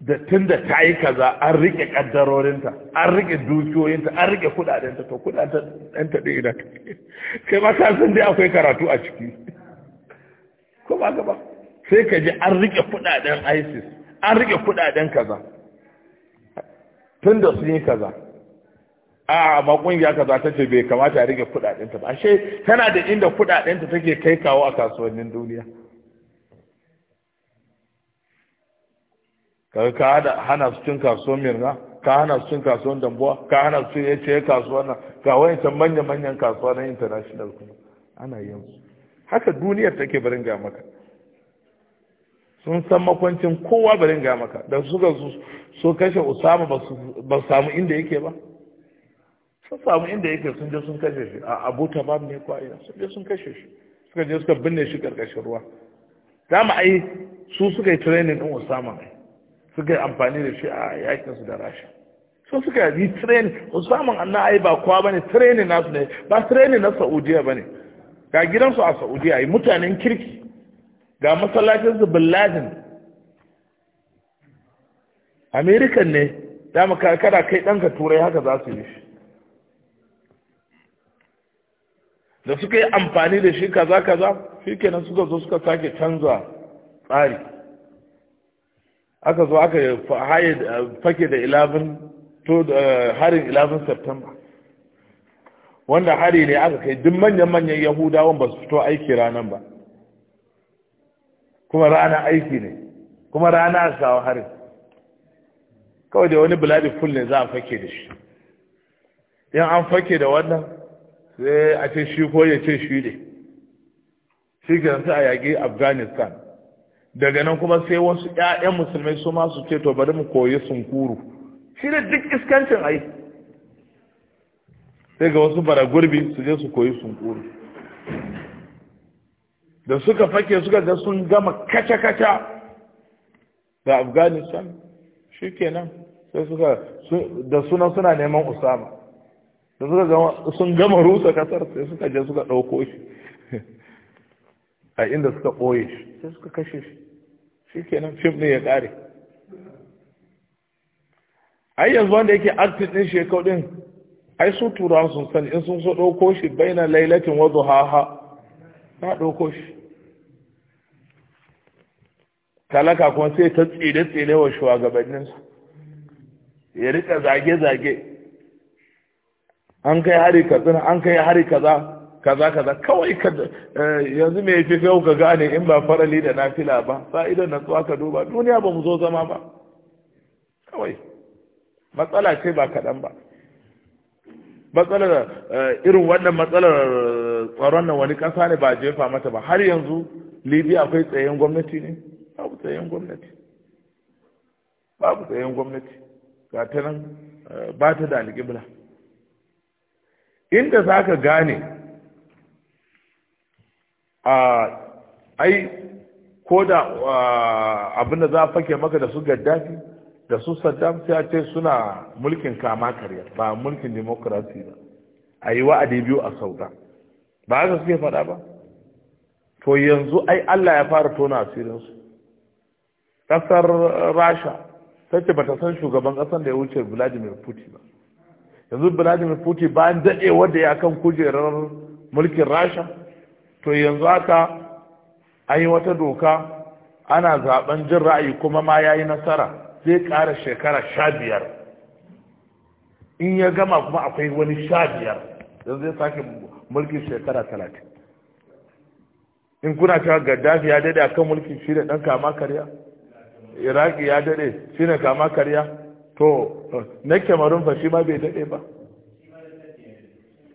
da tun da ta yi kaza an rike ƙaddarorinta an rike dukiyoyinta an rike kudadenta to kudadenta ɗin idan kai ma san dai akwai karatu a ciki ko ba gaba sai ka ji an rike kudaden isis an rike kudaden kaza tun da sun yi kaza a amma kungiya za ta ce bai kamata a rike kudadenta ba ashe tana da inda kudadenta take kai kawo a kasuwannin duniya ka ka hana su cin kasuwan mirna ka hana su cin kasuwan dambuwa ka hana su cin ce kasuwan nan ga wancan manya manyan kasuwa na international kuma ana yin su haka duniyar take barin ga maka sun san makwancin kowa barin ga maka da suka so kashe usama ba su samu inda yake ba sun samu inda yake sun je sun kashe shi a abu tabab ne ko ina sun je sun kashe shi suka je suka binne shi karkashin ruwa mu ai su suka yi training din Usama ne suka yi amfani da shi a yakin su da Rasha sun suka yi training Usama annan ai ba kwa bane training nasu ne ba training na Saudiya bane ga gidansu a Saudiya ai mutanen kirki ga masallacin su Bin Laden American ne dama kada kai danka turai haka za su yi shi da suka yi amfani da shi kaza kaza shi kenan suka zo suka sake canza tsari aka zo aka fake da ilabin to eh, harin ilabin september wanda hari ne aka kai duk manyan-manyan yahudawan ba su fito aiki ranar ba kuma rana aiki ne kuma rana a sawa harin kawai da wani buladi ful ne za a fake da shi yan an fake da wannan sai eh, a ce shi ko ya ce shi ne shi ke sai a yaƙi afghanistan daga nan kuma sai wasu 'ya'yan musulmai su ma su ce to bari mu koyi sunkuru shi ne duk iskancin ai sai ga wasu bara gurbi su je su koyi sunkuru da suka fake suka ga sun gama kaca-kaca da afghanistan shi kenan sai suka da sunan suna neman usama da suka gama sun gama rusa kasar sai suka je suka ɗauko shi a inda suka ɓoye shi sai suka kashe shi shi kenan fim ne ya ƙare ai yanzu wanda yake active ɗin shekau ɗin ai su turawa sun sani in sun so ɗauko shi bai na lailatin wazo ha na ɗauko shi talaka kuma sai ta tsire-tsire wa shugabanninsa ya rika zage-zage an kai hari katsina an kai hari kaza kaza kaza kawai eh, yanzu me yafi kai ka gane in ba farali da nafila ba idan na tsuwa ka duba duniya ba mu zo zama ba kawai matsala ce ba kaɗan ba matsalar eh, irin wannan matsalar eh, tsaron na wani ƙasa ne ba jefa mata ba har yanzu libya akwai tsayen gwamnati ne babu tsayen gwamnati babu tsayen gwamnati ga ta nan ba ta da alƙibla inda za ka gane a ai ko da abinda za a fake maka da su gaddafi da su saddam sai a ce suna mulkin kama karya ba mulkin demokrasi ba a yi wa'adi biyu a sauka ba haka suke faɗa ba to yanzu ai allah ya fara tona asirinsu ƙasar rasha ta ce ba ta san shugaban ƙasar da ya wuce vladimir putin ba yanzu vladimir putin bayan daɗewar da ya kan kujerar mulkin rasha to yanzu aka an yi wata doka ana zaben jin ra'ayi kuma ma ya yi nasara zai ƙara shekara sha biyar in ya gama kuma akwai wani sha biyar yanzu zai sake mulkin shekara talatin in kuna cewa gaddafi ya daɗe akan mulkin shi da ɗan kama karya iraki ya daɗe shi ne kama karya to na kemarin fa shi ma bai dade ba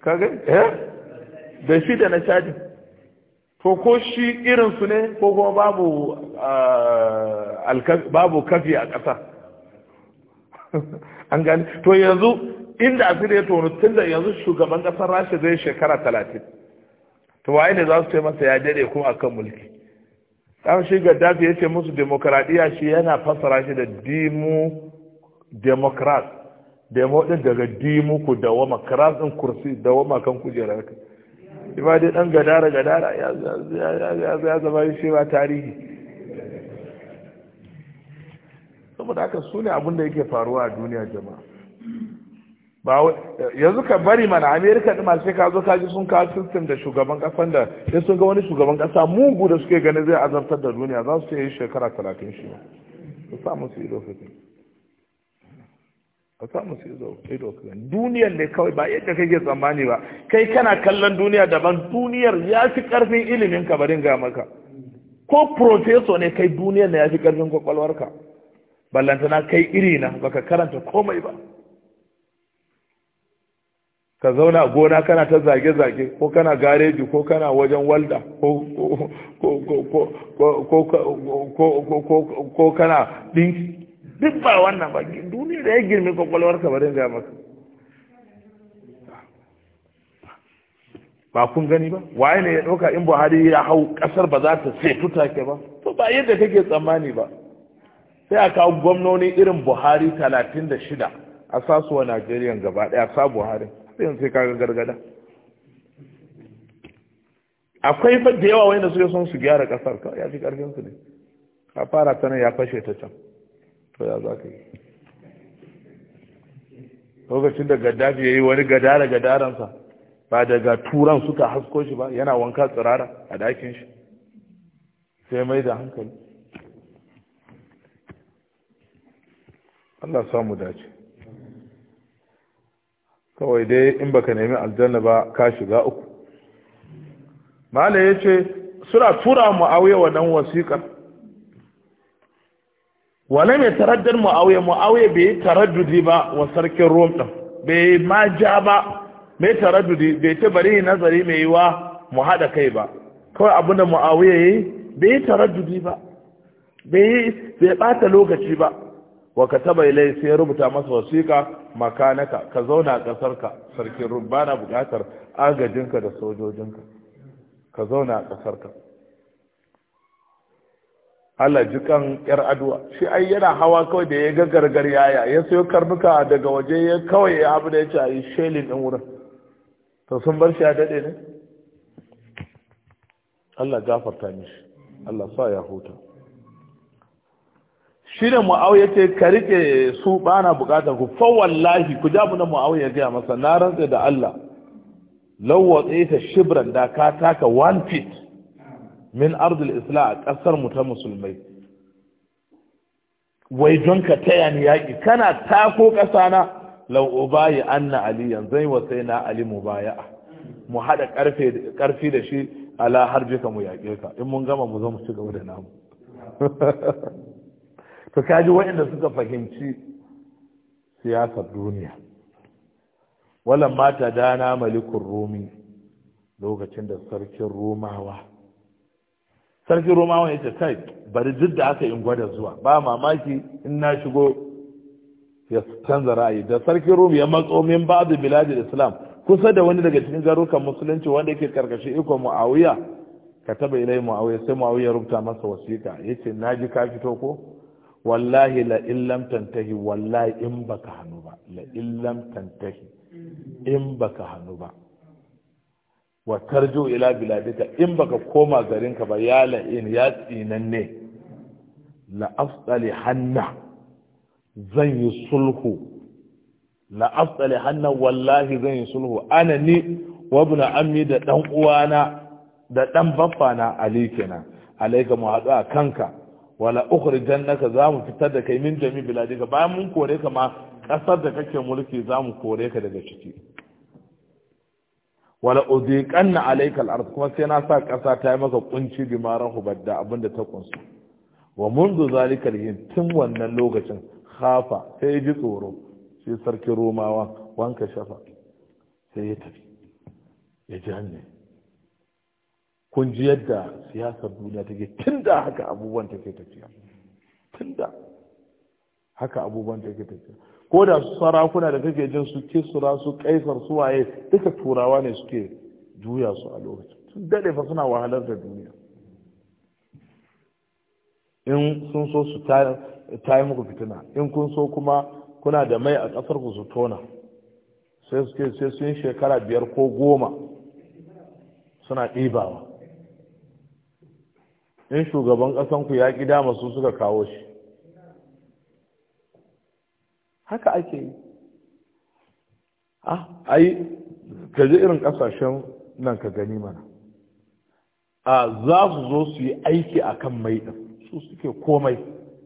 kage eh da shi da na cajin to ko shi irin su ne ko kuma babu ah, babu kafi a ƙasa an gani to yanzu inda a ya tono tun yanzu shugaban ƙasar Rashi zai shekara talatin to waye ne za su ce masa ya daɗe kuma akan mulki kan shi gaddafi ya ce musu demokaradiyya shi yana fassara shi da dimu democrat demo din daga dimu ku dawama kras din kursi dawama kan kujerar ka ba dai dan gadara gadara ya ya zama shi ba tarihi saboda haka su ne abin da yake faruwa a duniya jama'a ba yanzu ka bari mana amerika din masu ka zo ka ji sun kawo system da shugaban kasan da sai sun ga wani shugaban kasa mugu da suke ganin zai azabtar da duniya za su yi shekara talatin shi ba su sa musu ido fitin ka samu sai zo ido ka gani duniyar ne kawai ba yadda kake tsammani ba kai kana kallon duniya daban duniyar ya fi karfin ilimin ka barin ga maka ko professor ne kai duniyar ne ya fi karfin kwakwalwarka ballantana kai iri na baka karanta komai ba ka zauna a gona kana ta zage-zage ko kana gareji ko kana wajen walda ko kana ɗinki duk ba wannan ba duniya da ya girme kwakwalwar ka bari ga maka ba kun gani ba waye ne ya ɗauka in buhari ya hau kasar ba za ta ceto take ba to ba yadda kake tsammani ba sai a kawo gwamnoni irin buhari talatin da shida a sasuwa najeriya gaba ɗaya sa buhari sai sai kaga gargada akwai fa da yawa wanda suke son su gyara ƙasar ka ya fi karfin su ne ka fara ta nan ya fashe ta can to ya za yi lokacin da gaddafi ya yi wani gadara gadaransa ba daga turan suka hasko shi ba yana wanka tsirara a dakin shi sai mai da hankali Allah samu dace kawai dai in baka nemi aljanna ba ka shiga uku mala ya ce suna tura mu wa nan wasiƙar wala mai taraddar mu'awiya mu'awiya bai yi taraddudi ba wa sarkin rom ɗin bai ma ja ba mai taraddudi bai ta bari nazari mai yiwa mu haɗa kai ba kawai abin da mu'awiya ya yi bai yi taraddudi ba bai ɓata lokaci ba wa ka taba ilai sai ya rubuta masa wasiƙa makanaka ka zauna a ka. sarkin rom bana buƙatar agajinka da sojojinka ka zauna a ka. Allah kan yar aduwa shi ai yana hawa kawai da ya ga gargar yaya ya sayo karnuka daga waje ya kawai ya abu da ya ce a yi shelin ɗin wurin to sun bar shi a daɗe ne Allah gafarta mishi Allah sa ya huta shi da ce ka riƙe su bana buƙatar ku fa wallahi ku jabu na mu'awiyar gaya masa na rantsa da Allah lawwatsa ta shibran da ka taka one feet min ardul islam a ƙasar mu ta musulmai wai don ka taya ni yaƙi kana tako ƙasa na lau ubayi anna ali yanzu yi wasai na ali mu baya mu haɗa ƙarfi da shi ala ka mu yaƙe ka in mun gama mu zo mu ci gaba da namu to kaji waɗanda suka fahimci siyasar duniya wala mata dana malikun rumi lokacin da sarkin romawa sarkin romawa ya ce kai bari duk da aka in gwada zuwa ba mamaki in na shigo ya canza ra'ayi da sarkin rum ya matso min ba'du biladin islam kusa da wani daga cikin garukan musulunci wanda yake karkashin ikon muawiya ka taba ilai muawiya sai muawiya rubuta masa wasiƙa yace ji ka fito ko wallahi la illam tantahi wallahi in baka hanu ba la illam tantahi in baka hanu ba wa tarju ila biladika in baka koma garinka ba ya la'in ya tsinanne la afdali hanna zan yi sulhu la afdali hanna wallahi zan yi sulhu ana ni wa ibn ammi da dan uwana da dan baffana ali alaika alayka mu haɗu a kanka wala ukhrijannaka za mu fitar da kai min jami biladika bayan mun kore ka ma kasar da kake mulki za mu kore ka daga ciki wala uziqanna alayka al-ard kuma sai na sa ƙasa ta yi maka kunci bi hubadda, da abinda ta kunsu wa mundu zalika al tun wannan lokacin khafa sai ji tsoro sai sarki romawa wanka shafa sai ya tafi ya ji hanne kun ji yadda siyasar duniya take tun da haka abubuwan take tafiya tun da haka abubuwan take tafiya ko da su sarakuna da kake jin su kisura su kaisar su waye duka turawa ne suke juya su a lokacin sun dade fa suna wahalar da duniya in sun so su ta yi muku fitina in kun so kuma kuna da mai a kasar ku su tona sai suke sai sun shekara biyar ko goma suna ɗibawa in shugaban ƙasanku ya ƙi dama su suka kawo shi haka ake yi A ah, yi ka je irin kasashen nan ka gani mana a ah, za su zo su yi aiki a kan mai ɗin su suke komai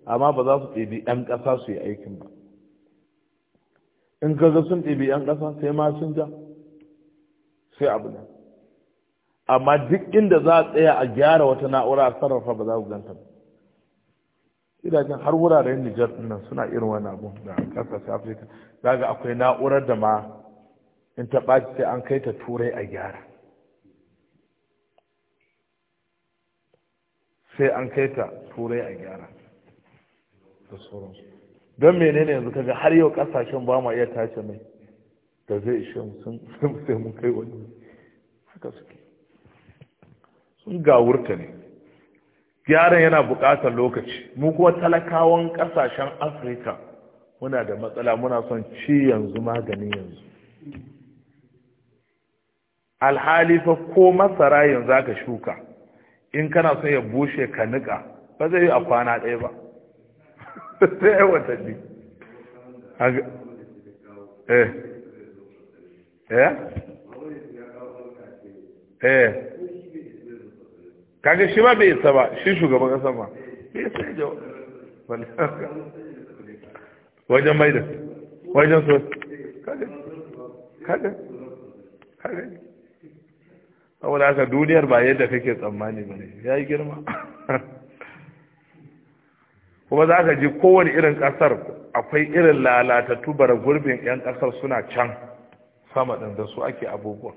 amma ba za su ɗebi ɗan ƙasa su yi aikin ba in ka ga sun ɗebi ɗan ƙasa sai ma sun ja sai abu nan amma duk inda za a tsaya a gyara wata na'ura a sarrafa ba za su ganta ba gidajen har wuraren Nijar nan suna irin wani abu da kasashe Afirka ga akwai na'urar da ma in ta ɓaci sai an kai ta turai a gyara sai an kai ta turai a gyara da sauransu don menene yanzu kaga har yau kasashen ba ma iya tace mai da zai ishe mu sai mun kai wani haka suke sun gawurta ne gyaran yana buƙatar lokaci mu kuma talakawan ƙasashen afirka muna da matsala muna son ci yanzu magani yanzu alhali fa ko masara yanzu aka shuka in kana son ya bushe ka niƙa ba zai yi a kwana ɗaya ba sai ya watanni eh eh eh kaga shi ma bai isa ba shi shugaban kasa ba bai isa ya jawo wajen maida wajen so kaga kaga kaga saboda haka duniyar ba yadda kake tsammani ba ne ya yi girma kuma za ka ji kowane irin kasar akwai irin lalatattu bara gurbin 'yan kasar suna can sama ɗin da su ake abubuwan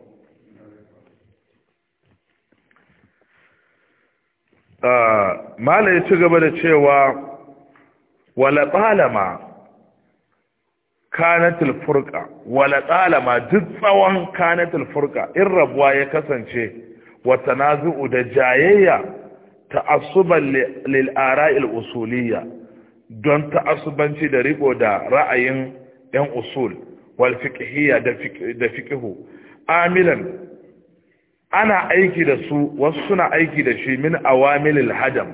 mala ya ci gaba da cewa wala tsalama kanatul furqa wala ɗalama duk tsawon kanatul furqa in rabuwa ya kasance wa tanazu'u da jayayya ta'asuban lil ara'il usuliyya don ta'asubanci da riko da ra'ayin yan usul wal fiqhiyya da fiqhu amilan ana aiki da su wasu suna aiki da shi min awamilil hadam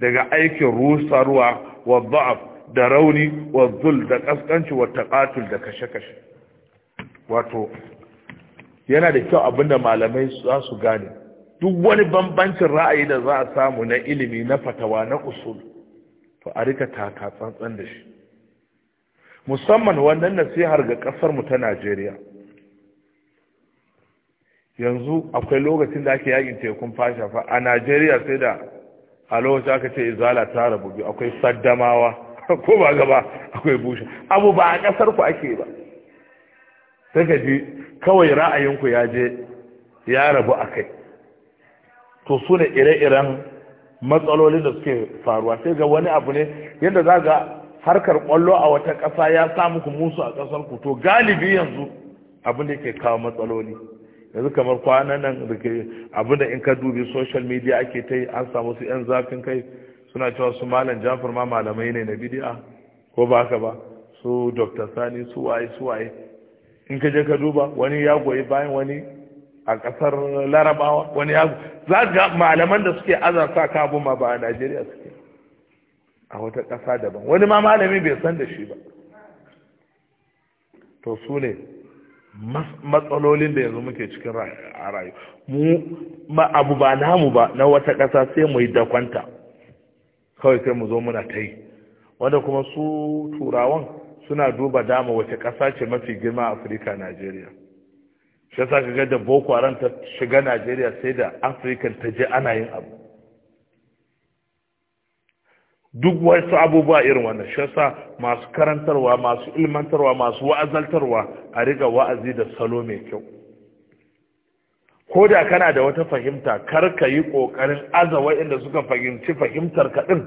daga aikin rusarwa wa da'af da rauni wa zul da kaskanci wa taqatul da kashe-kashe wato yana da kyau abinda malamai za su gane duk wani bambancin ra'ayi da za a samu na ilimi na fatawa na usul to a rika taka da shi musamman wannan nasihar ga kasar mu ta Najeriya yanzu akwai lokacin da ake yakin tekun fasha fa a najeriya sai da a lokacin aka ce izala ta rabu biyu akwai saddamawa ko ba gaba akwai bushe abu ba a kasar ku ake ba sai ka ji kawai ra'ayinku ya je ya rabu a kai to su ne ire-iren matsalolin da suke faruwa sai ga wani abu ne yadda za ga harkar kwallo a wata ƙasa ya samu ku musu a ƙasar ku to galibi yanzu abin da ke kawo matsaloli yanzu kamar kwanan nan da ke abinda in ka dubi social media ake ta yi an samu su 'yan zafin kai suna cewa su malam jafar ma malamai ne na bidiya ko ba haka ba su dr sani su waye su waye in ka je ka duba wani ya goyi bayan wani a kasar larabawa wani ya za ga malaman da suke azarta ka abu ma ba a najeriya suke a wata ƙasa daban wani ma malami bai san da shi ba to su ne matsalolin da yanzu muke cikin rayu mu ma abu ba namu ba na wata ƙasa sai mu yi dakwanta kawai sai mu zo muna ta yi wanda kuma su turawan suna duba dama wace ƙasa ce mafi girma a afirka najeriya shi yasa ka ga da boko haram ta shiga najeriya sai da afirka ta je ana yin abu duk wasu abubuwa irin wannan shi yasa masu karantarwa masu ilmantarwa masu wa'azaltarwa a riga wa'azi da salo mai kyau ko da kana da wata fahimta kar ka yi ƙoƙarin aza waɗanda suka fahimci fahimtar ka din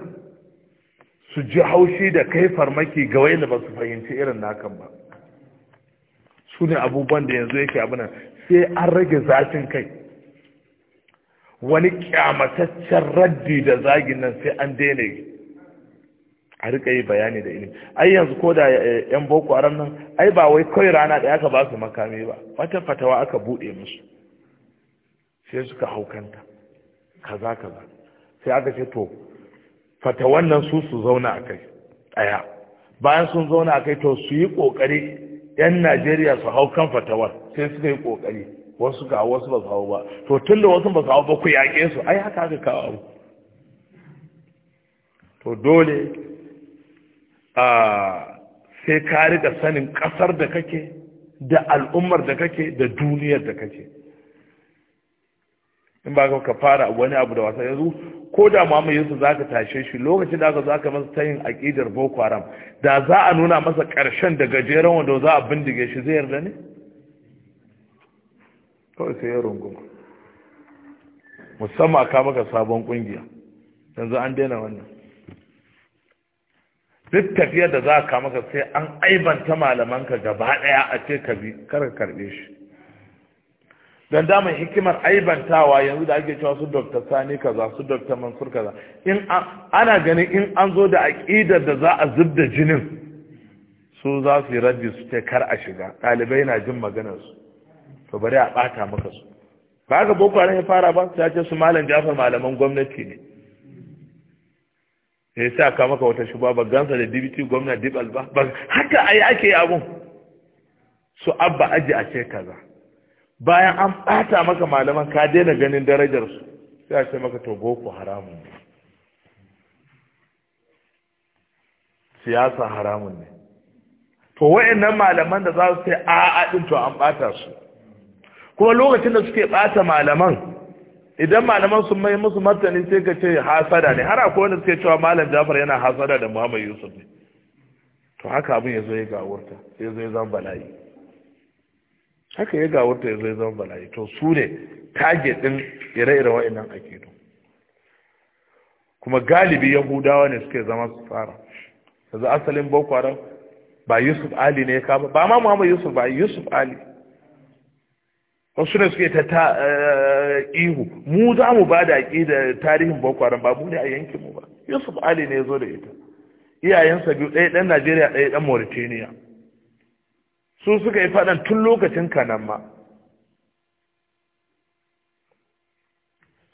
su ji haushi da kai farmaki ga waɗanda ba su fahimci irin nakan ba su ne abubuwan da yanzu yake abu nan sai an rage zafin kai wani kyamataccen raddi da zagin nan sai an daina yi a rika yi bayani da ilimi ai yanzu ko da eh, yan boko haram nan ai ba wai kawai rana da aka ba su makami ba wata fatawa aka bude musu sai suka haukanta kaza kaza sai aka ce to fatawan nan su su zauna a kai ɗaya bayan sun zauna a kai to su yi ƙoƙari yan najeriya su hau kan fatawar sai suka yi ƙoƙari wasu ga wasu ba su hau ba to tun da wasu ba su hau ba ku yaƙe su ai haka aka kawo to dole sai ka riga sanin ƙasar da kake da al'ummar da kake da duniyar da kake in ba ka fara wani abu da wasa yanzu ko da mamu yusuf za ka tashe shi lokacin da aka za ka masa tayin aƙidar boko haram da za a nuna masa ƙarshen da gajeren wanda za a bindige shi zai yarda ne kawai sai ya runguma musamman kama maka sabon ƙungiya yanzu an daina wannan duk tafiyar da za ka maka sai an aibanta malamanka gaba daya a ce ka bi kar ka karbe shi don damar hikimar aibantawa yanzu da ake cewa su dr sani kaza su dr mansur kaza in ana ganin in an zo da aƙidar da za a zubda jinin su za su yi rabbi su ce kar a shiga ɗalibai na jin maganar su to bari a ɓata maka su ba ga boko ya fara ba su ce su malam jafar malaman gwamnati ne ne sai ka maka wata shuba ba gansa da dbt gwamna dibal alba ba haka ai ake abun su abba aji a ce kaza bayan an bata maka malaman ka daina ganin darajar su sai a ce maka to boko haramun ne siyasa haramun ne to wayannan malaman da za su sai a'a din to an bata su kuma lokacin da suke bata malaman idan malaman sun mai musu martani sai ka ce hasada ne har akwai wanda suke cewa malam jafar yana hasada da muhammad yusuf ne to haka abin ya zo ya gawarta ya zo ya zama bala'i haka ya gawarta ya zo ya zama bala'i to su ne tage din ire-iren wa'annan akidu kuma galibi yahudawa ne suke zama su fara yanzu asalin boko haram ba yusuf ali ne ya kama ba ma muhammad yusuf ba yusuf ali wasu da suke ta eh, ihu mu za mu ba da da tarihin bakwaran ba mu ne a yankin mu ba yusuf ali ne ya zo da ita iyayensa biyu ɗaya ɗan najeriya ɗaya ɗan mauritania su suka yi faɗan tun lokacin kanan ma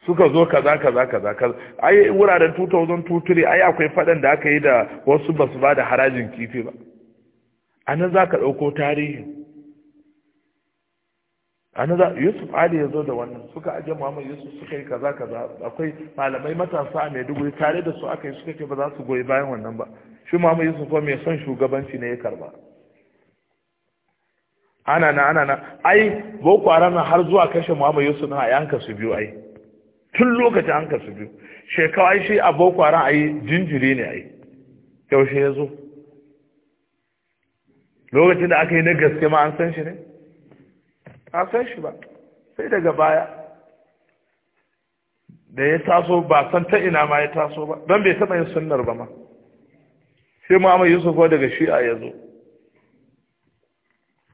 suka zo kaza kaza kaza kaza ai wuraren 2023 ai akwai faɗan da aka yi da wasu ba su ba da harajin kifi ba a nan za ka ɗauko tarihin annaza yusuf ali ya zo da wannan suka aje muhammad yusuf suka yi kaza kaza akwai malamai matasa a maiduguri tare da su aka yi suka ce ba za su goyi bayan wannan ba shi muhammad yusuf ba mai son shugabanci ne ya karba ana na ana na ai boko haram har zuwa kashe muhammad yusuf na yanka su biyu ai tun lokacin an ka su biyu shekau ai shi a boko haram ai jinjiri ne ai yaushe ya zo lokacin da aka yi na gaske ma an san shi ne a san shi ba sai daga baya da ya taso ba san ta ina ma ya taso ba don bai taɓa yin sunnar ba ma sai amma yusuf ko daga shi'a ya zo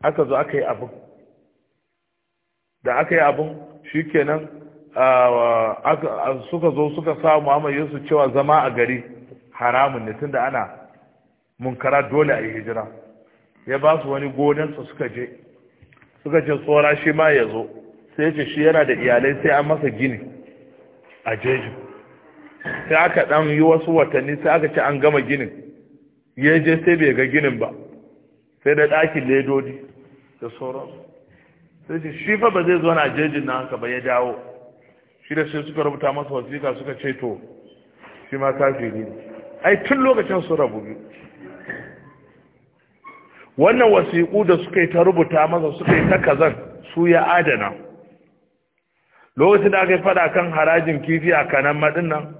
aka zo aka yi abin da aka yi abin shi kenan suka zo suka sa amma yusuf cewa zama a gari haramun ne tunda ana munkara dole a yi hijira ya ba su wani gonansa suka je suka ce tsora shi ma ya zo sai ce shi yana da iyalai sai an masa gini a jeji sai aka dan yi wasu watanni sai aka ci an gama ginin ya je sai bai ga ginin ba sai da ɗakin ledodi da sauransu sai ce shi fa ba zai zo na jejin na haka ba ya dawo shi da sai suka rubuta masa wasiƙa suka ce to shi ma kafiri ne ai tun lokacin su rabu biyu wannan wasiƙu da suka yi ta rubuta masa suka yi ta kazan su ya adana lokacin da aka yi fada kan harajin kifi a kanan maɗin nan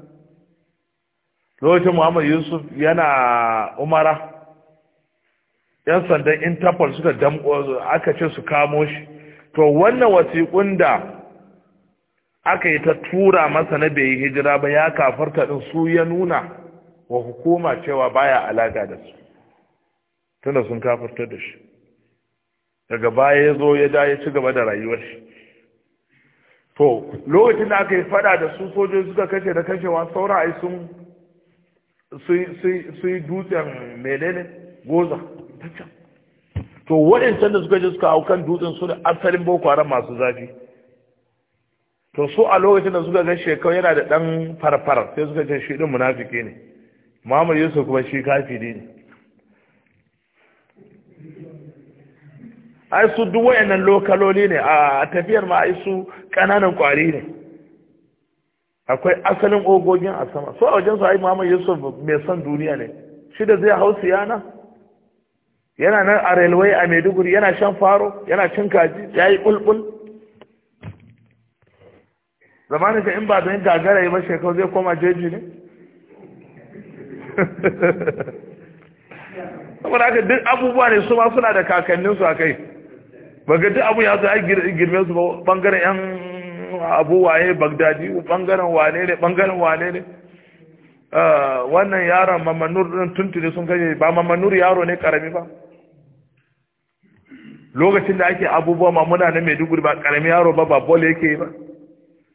lokacin muhammad yusuf yana umara yan sandan interpol suka aka ce su kamo shi to wannan wasiƙun da aka yi ta tura masa na bai yi hijira ba ya kafarta ɗin su ya nuna wa hukuma cewa baya alaƙa da su tunda sun kafirta da shi daga baya ya zo ya da ya ci gaba da rayuwar shi to lokacin da aka yi fada da su sojoji suka kashe da kashewa saura ai sun yi dutsen menene goza to waɗancan da suka je suka hau kan dutsen su da asalin boko haram masu zafi to su a lokacin da suka ga shekau yana da ɗan farfar sai suka ce shi ɗin munafiki ne Muhammad Yusuf kuma shi kafiri ne ai su duk wayannan lokaloli ne a tafiyar ma ai su kananan kwari ne akwai asalin ogogin a sama so a wajen su ai Muhammad Yusuf mai son duniya ne shi da zai hau siyana yana nan a railway a Maiduguri yana shan faro yana cin kaji yayi bulbul zamanin ka in ba don gagara yi ba shekau zai koma jeji ne saboda haka duk abubuwa ne su ma suna da kakanninsu a kai ba abu ya zo ai girme su ba bangaren yan abu waye bagdadi bangaren wane ne bangaren wane ne ah, wannan yaron mamanur din tuntuni sun kashe ba mamanur yaro ne karami ba lokacin da ake abubuwa mamuna na maiduguri ba karami yaro ba ba bole yake ba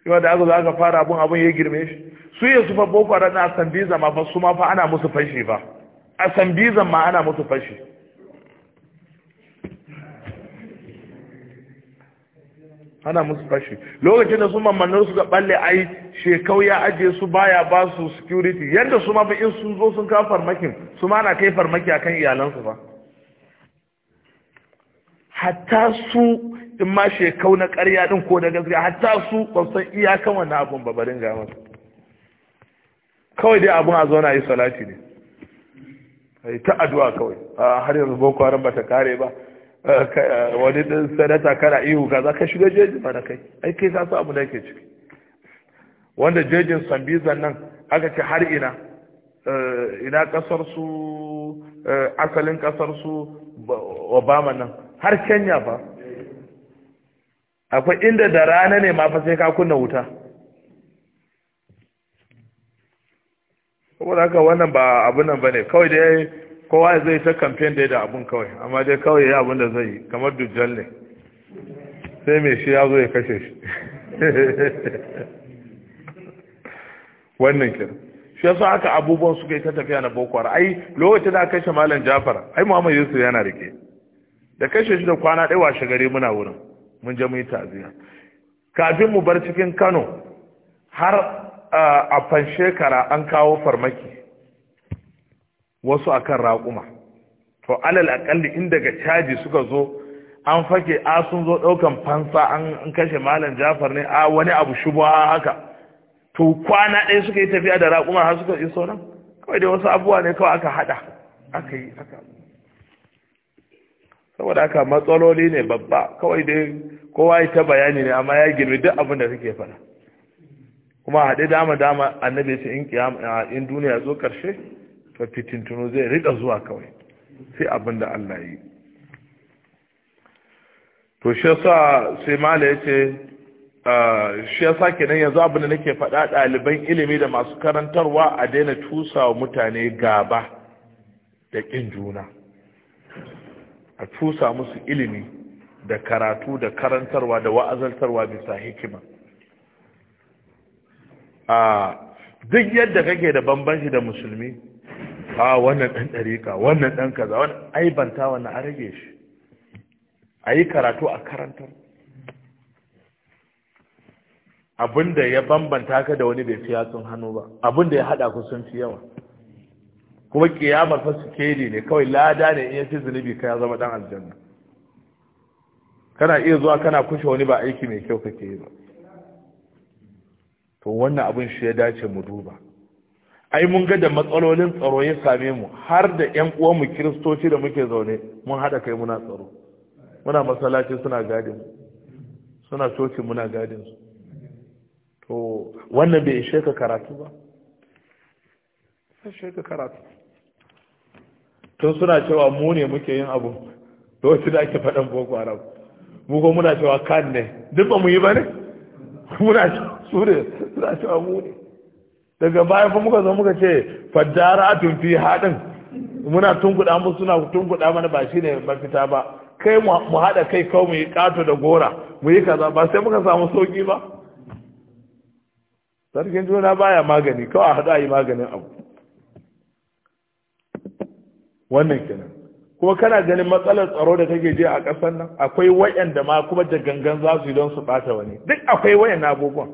yau da aka zo aka fara abun abun ya girme shi su yi su fa boko na asambiza ma fa su ma fa ana musu fashi fa asambizan ma ana musu fashi ana musu fashi lokacin da su mamannin su ga balle ai shekau ya ajiye su baya ba su security yadda su ma ba in sun zo sun kawo farmakin su ma na kai farmaki akan iyalansu ba hatta su in ma shekau na ƙarya din ko da gaskiya hatta su ba san iyakan wannan abun babarin ga masu kawai dai abun a zauna yi salati ne ta addu'a kawai har yanzu boko haram ba ta kare ba wani ɗin sanata kana ihu za ka shiga jeji mana kai ai kai ka su abu da yake ciki wanda jejin sambizan nan aka ce har ina eh, ina kasar su eh, asalin kasar su obama nan har kenya ba. akwai inda da rana ne ma fa sai ka kunna wuta saboda haka wannan ba abu nan ne, kawai dai kowa zai ta kamfen da da abun kawai amma dai kawai ya abun da zai yi kamar dujjal ne sai mai shi ya zo ya kashe shi wannan kira shi yasa aka abubuwan suka yi ta tafiya na boko ai lokacin da aka kashe malam jafar ai muhammad yusuf yana rike da kashe shi da kwana ɗaya washe gari muna wurin mun je mu yi ta'aziyya kafin mu bar cikin kano har ah, a fan shekara an kawo farmaki wasu akan raƙuma to alal aƙalli in daga caji suka zo an fake a sun zo ɗaukan fansa an kashe malam jafar ne a wani abu a haka to kwana ɗaya suka yi tafiya da raƙuma har suka iso nan kawai dai wasu abubuwa ne kawai aka haɗa aka yi aka saboda haka matsaloli ne babba kawai dai kowa ya ta bayani ne amma ya girbi duk abin da kake faɗa kuma haɗe dama dama annabi ce in kiyama in duniya zo ƙarshe ta zai riƙa zuwa kawai sai abin da Allah yi to shi yasa sai mala ya ce ah, shi yasa kenan yanzu abin da nake faɗa ɗaliban ilimi da masu karantarwa a daina tusa mutane gaba da ƙin juna a tusa musu ilimi da karatu da karantarwa da wa'azantarwa bisa hikima a ah, duk yadda kake da bambanci da musulmi a wannan ɗan ɗariƙa wannan ɗan kaza wani aibanta wannan a rage shi a yi karatu a karantar abinda ya bambanta ka da wani bai fiya sun hannu ba abinda ya haɗa ku sun fi yawa kuma kiyamar fa sikeli ne kawai lada ne in fi zunubi ka ya zama ɗan aljanna kana iya zuwa kana kushe wani ba aiki mai kyau kake yi ba to wannan abin shi ya dace mu duba ai mun ga da matsalolin tsaro ya same mu har da ƴan uwanmu kiristoci da muke zaune mun haɗa kai muna tsaro muna masallaci suna gadin suna coci muna gadin su to wannan bai ishe ka karatu ba ishe ka karatu tun suna cewa mu ne muke yin abu lokacin da ake faɗan boko haram mu ko muna cewa kan ne duk ba mu yi ba ne muna cewa su ne suna cewa mu ne daga baya fa muka zo muka ce atun fi hadin muna tunguda mu suna tunguda mana ba shine mafita ba kai mu hada kai kawai mu yi kato da gora mu yi kaza ba sai muka samu sauki ba sarkin juna baya magani kawai a hada yi maganin abu wannan kenan kuma kana ganin matsalar tsaro da take je a ƙasar nan akwai wayanda ma kuma da gangan za su yi don su bata wani duk akwai wayan abubuwan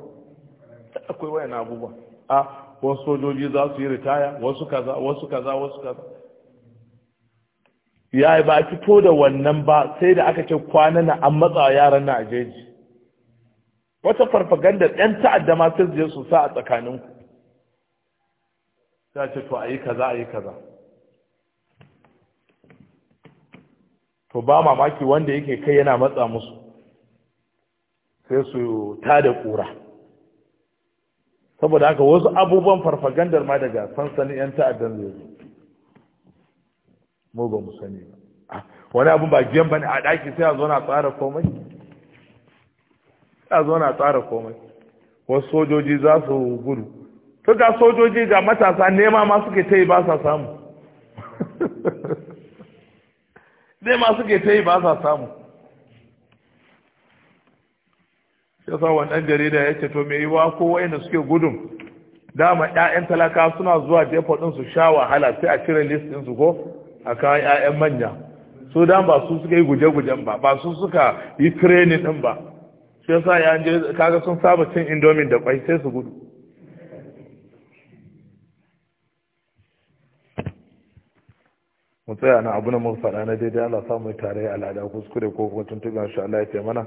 akwai wayan abubuwan a wasu sojoji za su yi ritaya wasu kaza wasu kaza wasu kaza ya ba a fito da wannan ba sai da aka ce kwana na an matsa yaran na ajeji wata farfaganda ɗan ta'adda ma sai je su sa a tsakaninku Ya ce to a yi kaza a yi kaza to ba mamaki wanda yake kai yana matsa musu sai su tada ƙura saboda haka wasu abubuwan farfagandar ma daga sansanin 'yan ta'addan zai zo mu ba mu sani ba ah, wani abu ba giyan ba ne a ɗaki sai a zo na tsara komai a zo na tsara komai wasu sojoji za su gudu to ga sojoji ga matasa nema ma suke ta yi ba sa samu nema suke ta yi ba sa samu ya sa wannan jarida ya ce to mai yiwa ko wayanda suke gudun dama ƴaƴan talaka suna zuwa jefa din su sha wahala sai a cire list din su ko a kawo ƴaƴan manya su dan ba su suka yi guje-gujen ba ba su suka yi training din ba shi yasa ya je kaga sun saba cin indomin da kwai sai su gudu mu tsaya na abu na mun faɗa na daidai Allah samu tare al'ada kuskure ko kuma tuntuɓe insha Allah ya ce mana